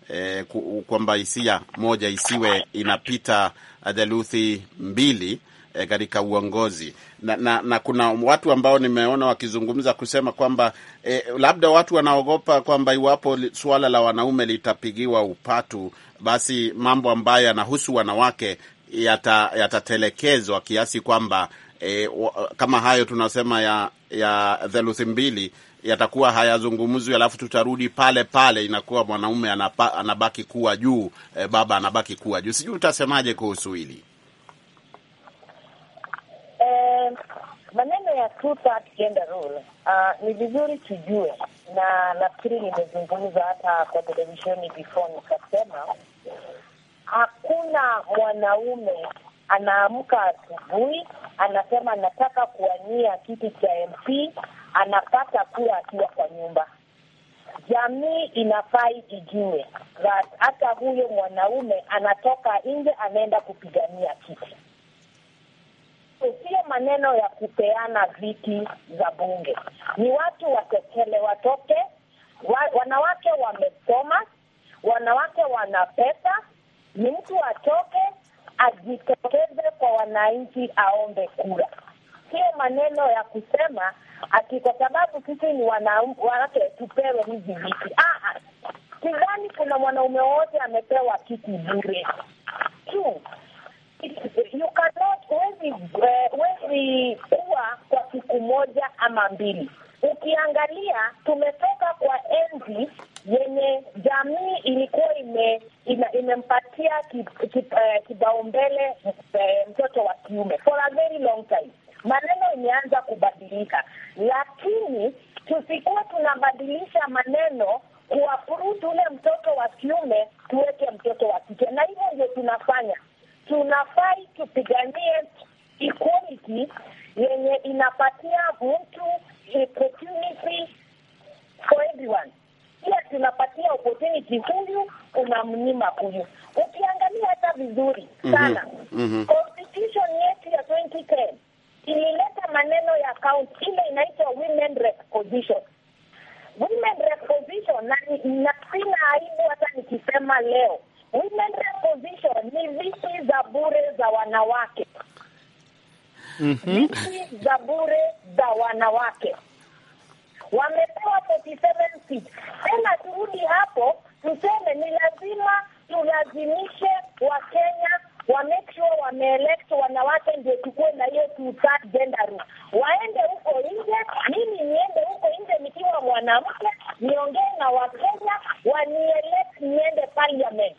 eh, kwamba hisia moja isiwe inapita eh, theluthi mbili eh, katika uongozi na, na, na kuna watu ambao nimeona wakizungumza kusema kwamba eh, labda watu wanaogopa kwamba iwapo suala la wanaume litapigiwa upatu, basi mambo ambayo yanahusu wanawake yatatelekezwa yata kiasi kwamba E, kama hayo tunasema ya ya theluthi mbili yatakuwa hayazungumzwi, alafu tutarudi pale pale, inakuwa mwanaume anapa, anabaki kuwa juu e, baba anabaki kuwa juu. Sijui utasemaje kuhusu hili eh, maneno ya two third gender rule. Uh, ah, ni vizuri tujue, na nafikiri nimezungumza hata kwa televisheni before nikasema hakuna mwanaume anaamka asubuhi anasema nataka kuwania kiti cha MP anapata kuwa akiwa kwa nyumba. Jamii inafai ijue hata huyo mwanaume anatoka nje, anaenda kupigania kiti. Sio maneno ya kupeana viti za bunge, ni watu watekele, watoke wa, wanawake wamesoma, wanawake wana pesa, ni mtu atoke ajitokeze kwa wananchi, aombe kura. Sio maneno ya kusema ati kwa sababu sisi ni wanawake tupewe hizi viti. Ah, ah. sidhani kuna mwanaume wowote amepewa kiti bure tu. You cannot, eh, huwezi kuwa kwa siku moja ama mbili. Ukiangalia tumetoka kwa enzi yenye jamii ilikuwa ime, ime, imempatia eh, kipaumbele ki, uh, eh, uh, mtoto wa kiume for a very long time maneno imeanza kubadilika, lakini tusikuwa tunabadilisha maneno kuaprut ule mtoto wa kiume tuweke mtoto wa kike, na hivyo ndio tunafanya. Tunafai tupiganie equality yenye inapatia mtu opportunity for everyone. Pia tunapatia opportunity huyu, mnima huyu. Ukiangalia hata vizuri mhm. sana mm -hmm. Mm -hmm. constitution yetu ya 2010 ilileta maneno ya kaunti ile inaitwa women reposition. women reposition, na, na sina aibu hata nikisema leo women reposition ni viti za bure za wanawake mm -hmm. viti za bure za wanawake wamepewa 47 seats. Tena turudi hapo, tuseme ni lazima tulazimishe Wakenya wa make sure wameelect wanawake ndio tukuwe na hiyo two gender rule. Waende huko nje, mimi niende huko nje nikiwa mwanamke niongee na Wakenya wanielect niende parliament.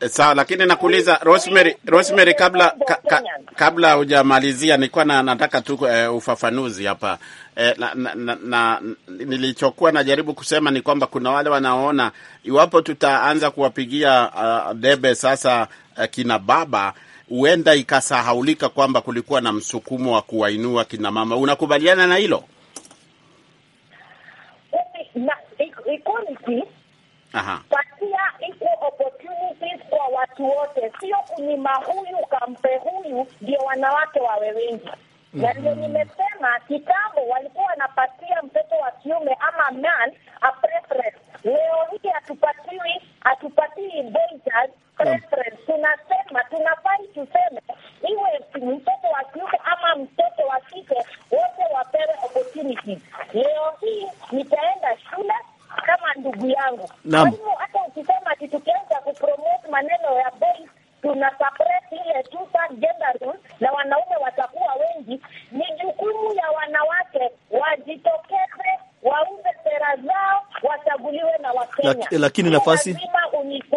Eh, sawa, lakini nakuuliza Rosemary, Rosemary, kabla ka, ka, kabla hujamalizia nilikuwa na, nataka tu uh, ufafanuzi hapa uh, na, na, na, na, nilichokuwa najaribu kusema ni kwamba kuna wale wanaona iwapo tutaanza kuwapigia uh, debe sasa kina baba huenda ikasahaulika kwamba kulikuwa na msukumo wa kuwainua kina mama. Unakubaliana na hilo? Patia equal opportunities kwa watu wote, sio kunyima huyu kampe huyu ndio wanawake wawe wengi. Mm -hmm. Na ndio mm-hmm. nimesema kitambo walikuwa wanapatia mtoto wa kiume ama man a preference. Leo hii hatupatiwi, hatupatii preference. Tunasema tunafai tuseme, iwe mtoto wa kiume ama mtoto wa kike, wote wapewe opportunity. Leo hii nitaenda shule kama ndugu yangu. Kwa hivyo hata ukisema ati tukianza kupromote maneno ya boys tunasuppress ile two-thirds gender rule na wanaume watakuwa wengi, ni jukumu ya wanawake wajitokeze wauze sera zao, wachaguliwe na Wakenya. Lakini nafasi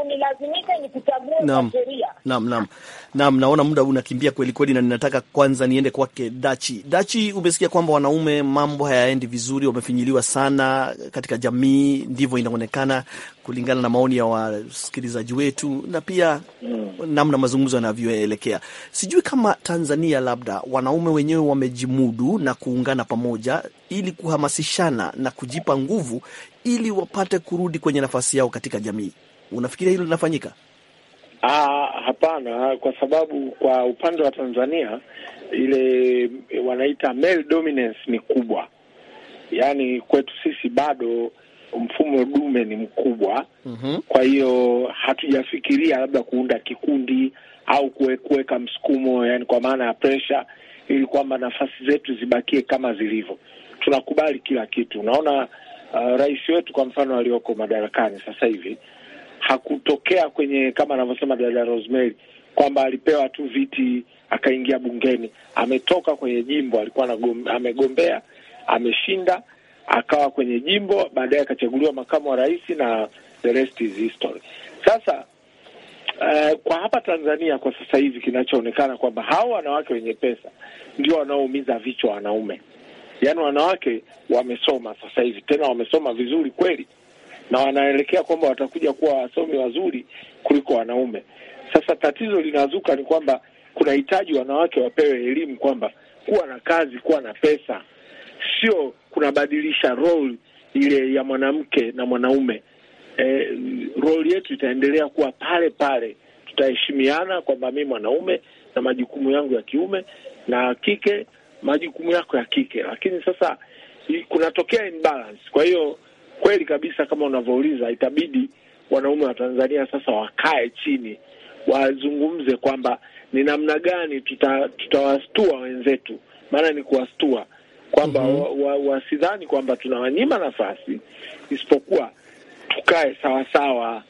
unilazimishe Naam, naam, naam. Naona muda unakimbia kweli kweli, na ninataka kwanza niende kwake Dachi. Dachi, umesikia kwamba wanaume mambo hayaendi vizuri, wamefinyiliwa sana katika jamii, ndivyo inaonekana kulingana na maoni ya wasikilizaji wetu na pia mm, namna mazungumzo yanavyoelekea. Sijui kama Tanzania labda wanaume wenyewe wamejimudu na kuungana pamoja ili kuhamasishana na kujipa nguvu ili wapate kurudi kwenye nafasi yao katika jamii. Unafikiria hilo linafanyika? Ah, hapana, kwa sababu kwa upande wa Tanzania ile wanaita male dominance ni kubwa, yaani kwetu sisi bado mfumo dume ni mkubwa. mm -hmm. Kwa hiyo hatujafikiria labda kuunda kikundi au kuweka msukumo, yani kwa maana ya pressure, ili kwamba nafasi zetu zibakie kama zilivyo tunakubali kila kitu. Unaona uh, rais wetu kwa mfano alioko madarakani sasa hivi hakutokea kwenye kama anavyosema dada Rosemary kwamba alipewa tu viti akaingia bungeni. Ametoka kwenye jimbo alikuwa amegombea ameshinda, akawa kwenye jimbo, baadaye akachaguliwa makamu wa rais na the rest is history. Sasa uh, kwa hapa Tanzania kwa sasa hivi kinachoonekana kwamba hao wanawake wenye pesa ndio wanaoumiza vichwa wanaume Yaani wanawake wamesoma sasa hivi, tena wamesoma vizuri kweli, na wanaelekea kwamba watakuja kuwa wasomi wazuri kuliko wanaume. Sasa tatizo linazuka ni kwamba kunahitaji wanawake wapewe elimu kwamba kuwa na kazi, kuwa na pesa sio kunabadilisha role ile ya mwanamke na mwanaume. E, role yetu itaendelea kuwa pale pale, tutaheshimiana kwamba mi mwanaume na majukumu yangu ya kiume na kike majukumu yako ya kike, lakini sasa kunatokea imbalance. Kwa hiyo kweli kabisa kama unavyouliza, itabidi wanaume wa Tanzania sasa wakae chini wazungumze kwamba ni namna gani tuta, tutawastua wenzetu, maana ni kuwastua kwamba mm -hmm. wa, wa, wasidhani kwamba tunawanyima nafasi, isipokuwa tukae sawasawa,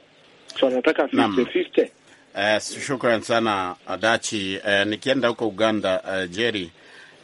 tunataka fifty fifty. Eh, shukran sana Adachi. Uh, nikienda huko Uganda, uh, Jerry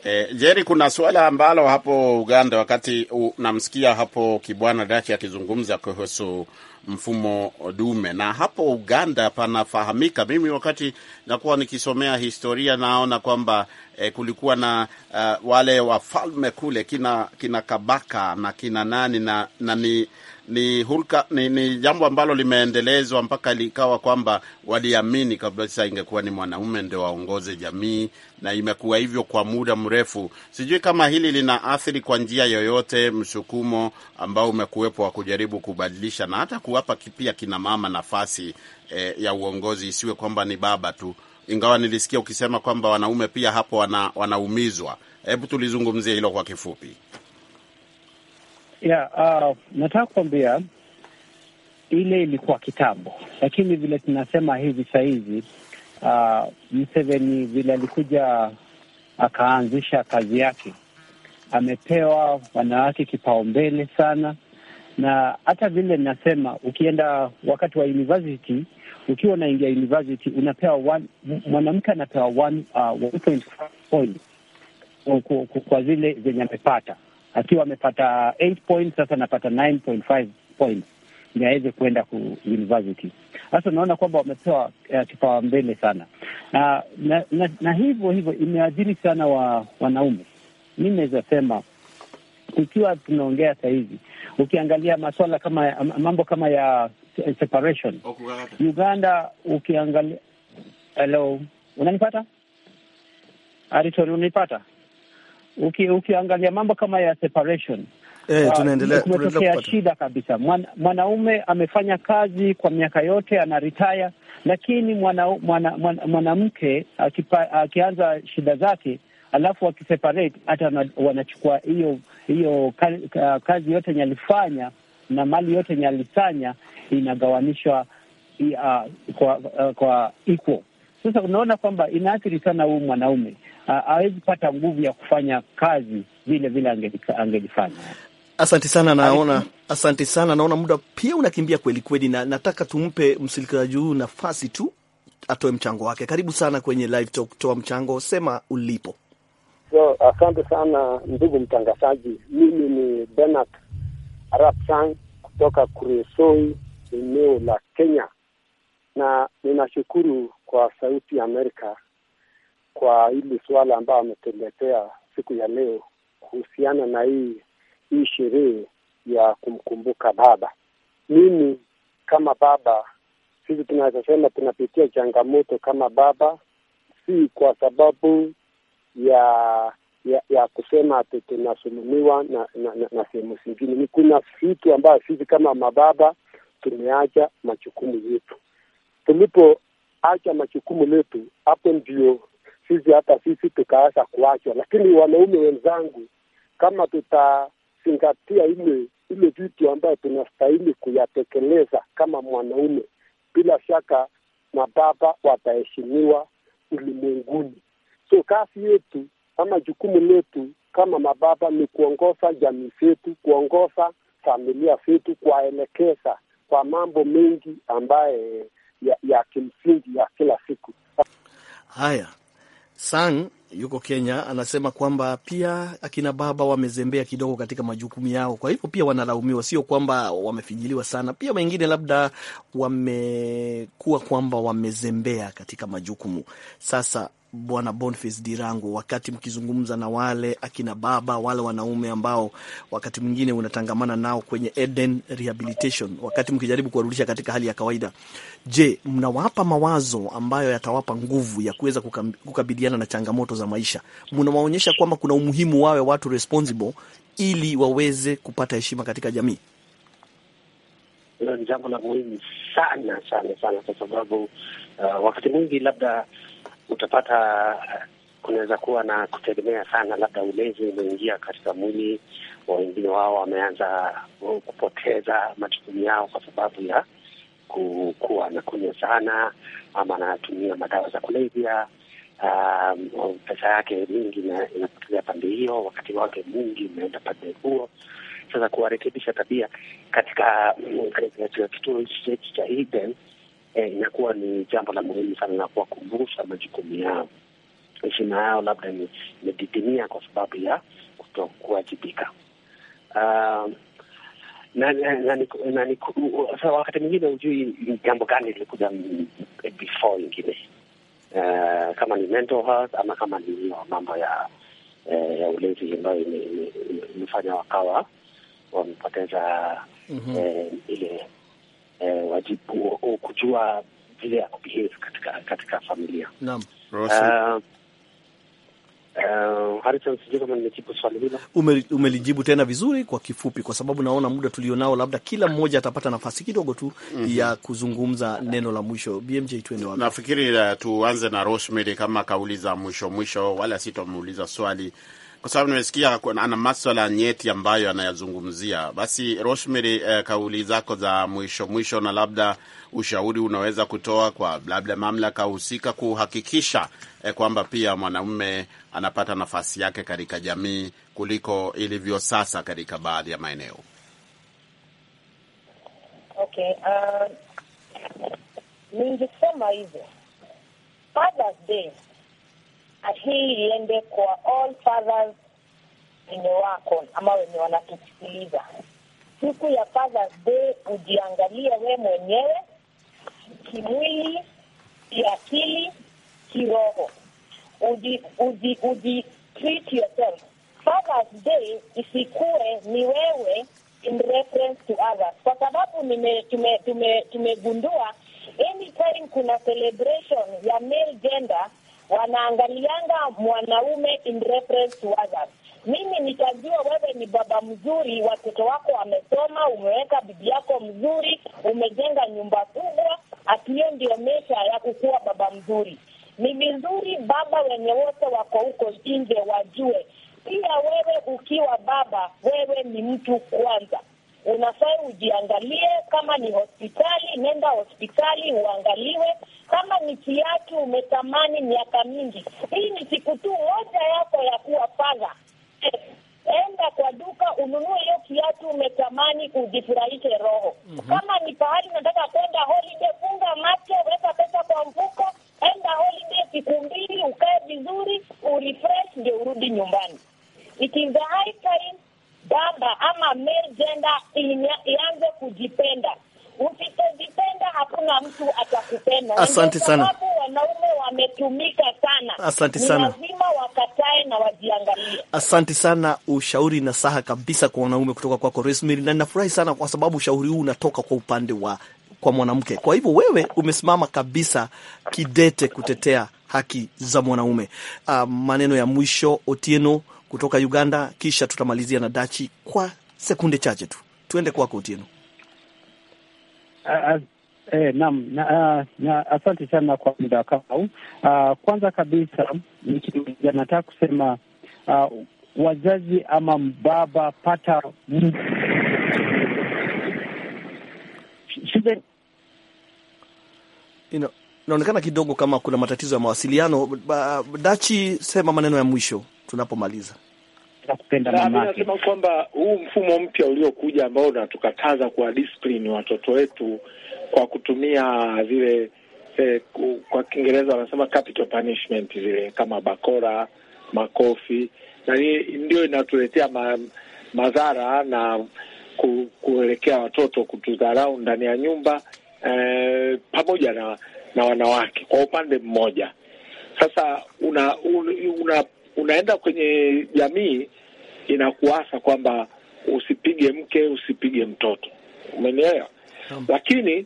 E, Jerry, kuna suala ambalo hapo Uganda, wakati unamsikia hapo Kibwana Dachi akizungumza kuhusu mfumo dume, na hapo Uganda panafahamika. Mimi wakati nakuwa nikisomea historia naona kwamba e, kulikuwa na uh, wale wafalme kule kina, kina Kabaka na kina nani na, na ni ni hulka, ni, ni jambo ambalo limeendelezwa mpaka likawa kwamba waliamini kabisa ingekuwa ni mwanaume ndio waongoze jamii, na imekuwa hivyo kwa muda mrefu. Sijui kama hili lina athiri kwa njia yoyote msukumo ambao umekuwepo wa kujaribu kubadilisha na hata kuwapa pia kina mama nafasi eh, ya uongozi, isiwe kwamba ni baba tu, ingawa nilisikia ukisema kwamba wanaume pia hapo wana, wanaumizwa. Hebu tulizungumzie hilo kwa kifupi. Yeah, uh, nataka kuambia ile ilikuwa kitambo, lakini vile tunasema hivi sahizi, uh, Mseveni vile alikuja akaanzisha kazi yake, amepewa wanawake kipaumbele sana, na hata vile nasema, ukienda wakati wa university, ukiwa unaingia university unapewa mwanamke anapewa uh, kwa zile zenye amepata akiwa amepata 8 points, sasa anapata 9.5 points ni aweze kuenda ku university. Sasa unaona kwamba wamepewa uh, kipawa mbele sana na na, na, na hivyo hivyo imeajiri sana wa, wanaume. Mi naweza sema ikiwa tunaongea sahizi, ukiangalia maswala kama mambo kama ya separation Uganda, ukiangalia. Hello, unanipata Ariton, unanipata? uki, ukiangalia mambo kama ya separation eh, ah, tunaendelea kumetokea shida kabisa. Mwan, mwanaume amefanya kazi kwa miaka yote ana retire, lakini mwanamke mwana, mwana, mwana akianza shida zake alafu akiseparate hata wanachukua hiyo hiyo kazi yote yenye alifanya na mali yote yenye alisanya inagawanishwa uh, kwa, uh, kwa equal sasa unaona kwamba inaathiri sana huyu mwanaume, hawezi pata nguvu ya kufanya kazi vile vile angelifanya. Asante sana, naona asante sana, naona muda pia unakimbia kweli kweli, na nataka tumpe msikilizaji huyu nafasi tu atoe mchango wake. Karibu sana kwenye live talk, toa mchango, sema ulipo. So, asante sana ndugu mtangazaji. Mimi ni Benard Arap Sang kutoka Kuresoi, eneo la Kenya, na ninashukuru kwa Sauti ya Amerika kwa hili suala ambayo ameteletea siku ya leo kuhusiana na hii hii sherehe ya kumkumbuka baba. Mimi kama baba, sisi tunaweza sema tunapitia changamoto kama baba, si kwa sababu ya ya, ya kusema ati tunasumumiwa na, na, na, na sehemu zingine. Ni kuna vitu ambayo sisi kama mababa tumeacha majukumu yetu tulipo acha majukumu letu, hapo ndio sisi hata sisi tukaacha kuachwa. Lakini wanaume wenzangu, kama tutazingatia ile ile vitu ambayo tunastahili kuyatekeleza kama mwanaume, bila shaka na baba wataheshimiwa ulimwenguni. So kazi yetu ama jukumu letu kama mababa ni kuongoza jamii zetu, kuongoza familia zetu, kuwaelekeza kwa mambo mengi ambaye ya, ya kimsingi ya kila siku. Haya, Sang yuko Kenya anasema kwamba pia akina baba wamezembea kidogo katika majukumu yao, kwa hivyo pia wanalaumiwa, sio kwamba wamefinyiliwa sana. Pia wengine labda wamekuwa kwamba wamezembea katika majukumu. Sasa Bwana Boniface Dirango, wakati mkizungumza na wale akina baba wale wanaume ambao wakati mwingine unatangamana nao kwenye Eden Rehabilitation, wakati mkijaribu kuwarudisha katika hali ya kawaida, je, mnawapa mawazo ambayo yatawapa nguvu ya kuweza kukabiliana na changamoto za maisha? Mnawaonyesha kwamba kuna umuhimu wawe watu responsible ili waweze kupata heshima katika jamii? Hilo ni jambo la muhimu sana sana sana, kwa sababu uh, wakati mwingi labda utapata eh, kunaweza kuwa na kutegemea sana, labda ulezi umeingia katika mwili wa wengine wao, wameanza uh, kupoteza majukumu yao kwa sababu ya kuwa anakunywa sana ama anatumia madawa za kulevya. Um, pesa yake mingi inapotelea pande hiyo, wakati wake mwingi umeenda pande huo. Sasa kuwarekebisha tabia katika mm, kituo cha Eden eh, inakuwa ni jambo la muhimu sana na kuwakumbusha majukumu yao. Heshima yao labda imedidimia kwa sababu ya kutokuwajibika. Uh, na, na, na, na, na, wakati mwingine hujui jambo gani lilikuja before ingine, uh, ah, kama ni mental health ama kama ni hiyo mambo ya eh, ya ulezi ambayo imefanya wakawa wamepoteza mm -hmm. eh, ile eh, wajibu o, kujua vile ya kubehave katika katika familia. Naam. Uh, Uh, Ume, umelijibu tena vizuri kwa kifupi, kwa sababu naona muda tulionao, labda kila mmoja atapata nafasi kidogo tu mm -hmm. ya kuzungumza neno la mwisho. BMJ, twende wapi? Nafikiri uh, tuanze na Rosemary kama kauli za mwisho mwisho, wala sitamuuliza swali kwa sababu nimesikia ana maswala nyeti ambayo anayazungumzia. Basi Rosemary, eh, kauli zako za mwisho mwisho, na labda ushauri unaweza kutoa kwa labda mamlaka husika kuhakikisha eh, kwamba pia mwanaume anapata nafasi yake katika jamii kuliko ilivyo sasa katika baadhi ya maeneo. Okay, uh, ningesema hivyo Father's Day hii iende kwa all fathers wenye wako ama wenye wanatusikiliza. Siku ya Fathers Day ujiangalia we mwenyewe kimwili, kiakili, kiroho, uji, uji, uji treat yourself. Fathers Day isikuwe ni wewe in reference to others, kwa sababu tumegundua tume, anytime kuna celebration ya male gender wanaangalianga mwanaume in reference to others. Mimi nitajua wewe ni baba mzuri, watoto wako wamesoma, umeweka bibi yako mzuri, umejenga nyumba kubwa, ati ndio mesha ya kukuwa baba mzuri. Ni vizuri baba wenye wote wako huko nje wajue pia wewe ukiwa baba, wewe ni mtu kwanza. Unafaa ujiangalie, kama ni hospitali, nenda hospitali uangaliwe, kama ni kiatu umetamani miaka mingi, hii ni siku tu moja yako ya kuwa fadha. Enda kwa duka ununue hiyo kiatu umetamani, ujifurahishe roho. mm -hmm. Kama ni pahali unataka kwenda holiday, funga macho, weka pesa kwa mfuko, enda holiday siku mbili, ukae vizuri, urefresh, ndio urudi nyumbani. It is the high time baba ama male gender ianze kujipenda hakuna mtu atakupenda. Asante sana. Wanaume wametumika sana. Asante sana. Lazima wakatae na wajiangalie. Asante sana, ushauri na saha kabisa kwa wanaume kutoka kwako Rosemary, na ninafurahi sana kwa sababu ushauri huu unatoka kwa upande wa kwa mwanamke. Kwa hivyo wewe umesimama kabisa kidete kutetea haki za mwanaume. Uh, maneno ya mwisho Otieno kutoka Uganda, kisha tutamalizia na Dachi kwa sekunde chache tu. Tuende kwako Otieno. Eh, naam na, na, eh, na asante sana kwa muda kama huu. Uh, kwanza kabisa nikimaliza nataka kusema uh, wazazi ama baba pata ina inaonekana kidogo kama kuna matatizo ya mawasiliano. Dachi, sema maneno ya mwisho tunapomaliza. Nasema kwamba huu mfumo mpya uliokuja ambao unatukataza kuwa watoto wetu kwa kutumia zile se, eh, kwa Kiingereza wanasema capital punishment zile kama bakora, makofi, na ndio inatuletea ma, madhara na ku, kuelekea watoto kutudharau ndani ya nyumba eh, pamoja na, na wanawake kwa upande mmoja. Sasa una, una, una unaenda kwenye jamii inakuasa kwamba usipige mke, usipige mtoto, umenielewa? Lakini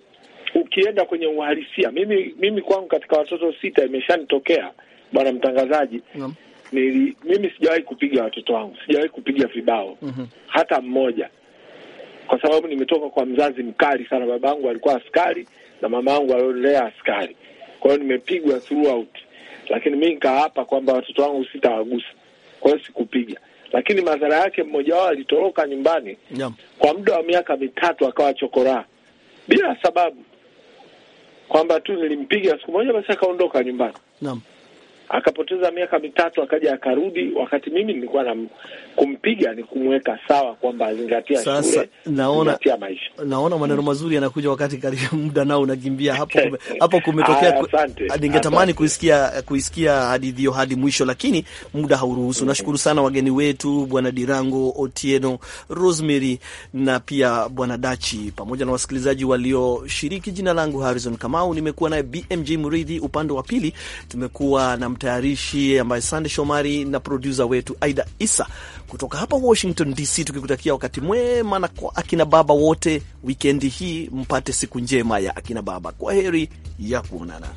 ukienda kwenye uhalisia, mimi mimi kwangu katika watoto sita imeshanitokea bwana mtangazaji mm. Nili, mimi sijawahi kupiga watoto wangu, sijawahi kupiga vibao mm -hmm. hata mmoja, kwa sababu nimetoka kwa mzazi mkali sana. Babangu alikuwa askari na mama yangu alilea askari, kwa hiyo nimepigwa throughout, lakini mi nikaapa kwamba watoto wangu sitawagusa, kwa hiyo sikupiga lakini madhara yake mmoja wao alitoroka nyumbani yeah. Kwa muda wa miaka mitatu akawa chokoraa bila sababu kwamba tu nilimpiga siku moja basi akaondoka nyumbani. Naam akapoteza miaka mitatu, akaja akarudi, wakati mimi nilikuwa na kumpiga ni kumweka sawa kwamba azingatia shule, naona maisha. Naona maneno mm. mazuri yanakuja wakati karibu muda nao unakimbia hapo. Kume, hapo kumetokea ningetamani kuisikia kuisikia hadi hiyo hadi mwisho, lakini muda hauruhusu. mm -hmm. Nashukuru sana wageni wetu Bwana Dirango Otieno, Rosemary na pia Bwana Dachi pamoja na wasikilizaji walioshiriki. Jina langu Harrison Kamau, nimekuwa naye BMJ Muridhi upande wa pili, tumekuwa na mtayarishi ambaye Sande Shomari na produsa wetu Aida Isa kutoka hapa Washington DC, tukikutakia wakati mwema na kwa akina baba wote, wikendi hii mpate siku njema ya akina baba. Kwa heri ya kuonana.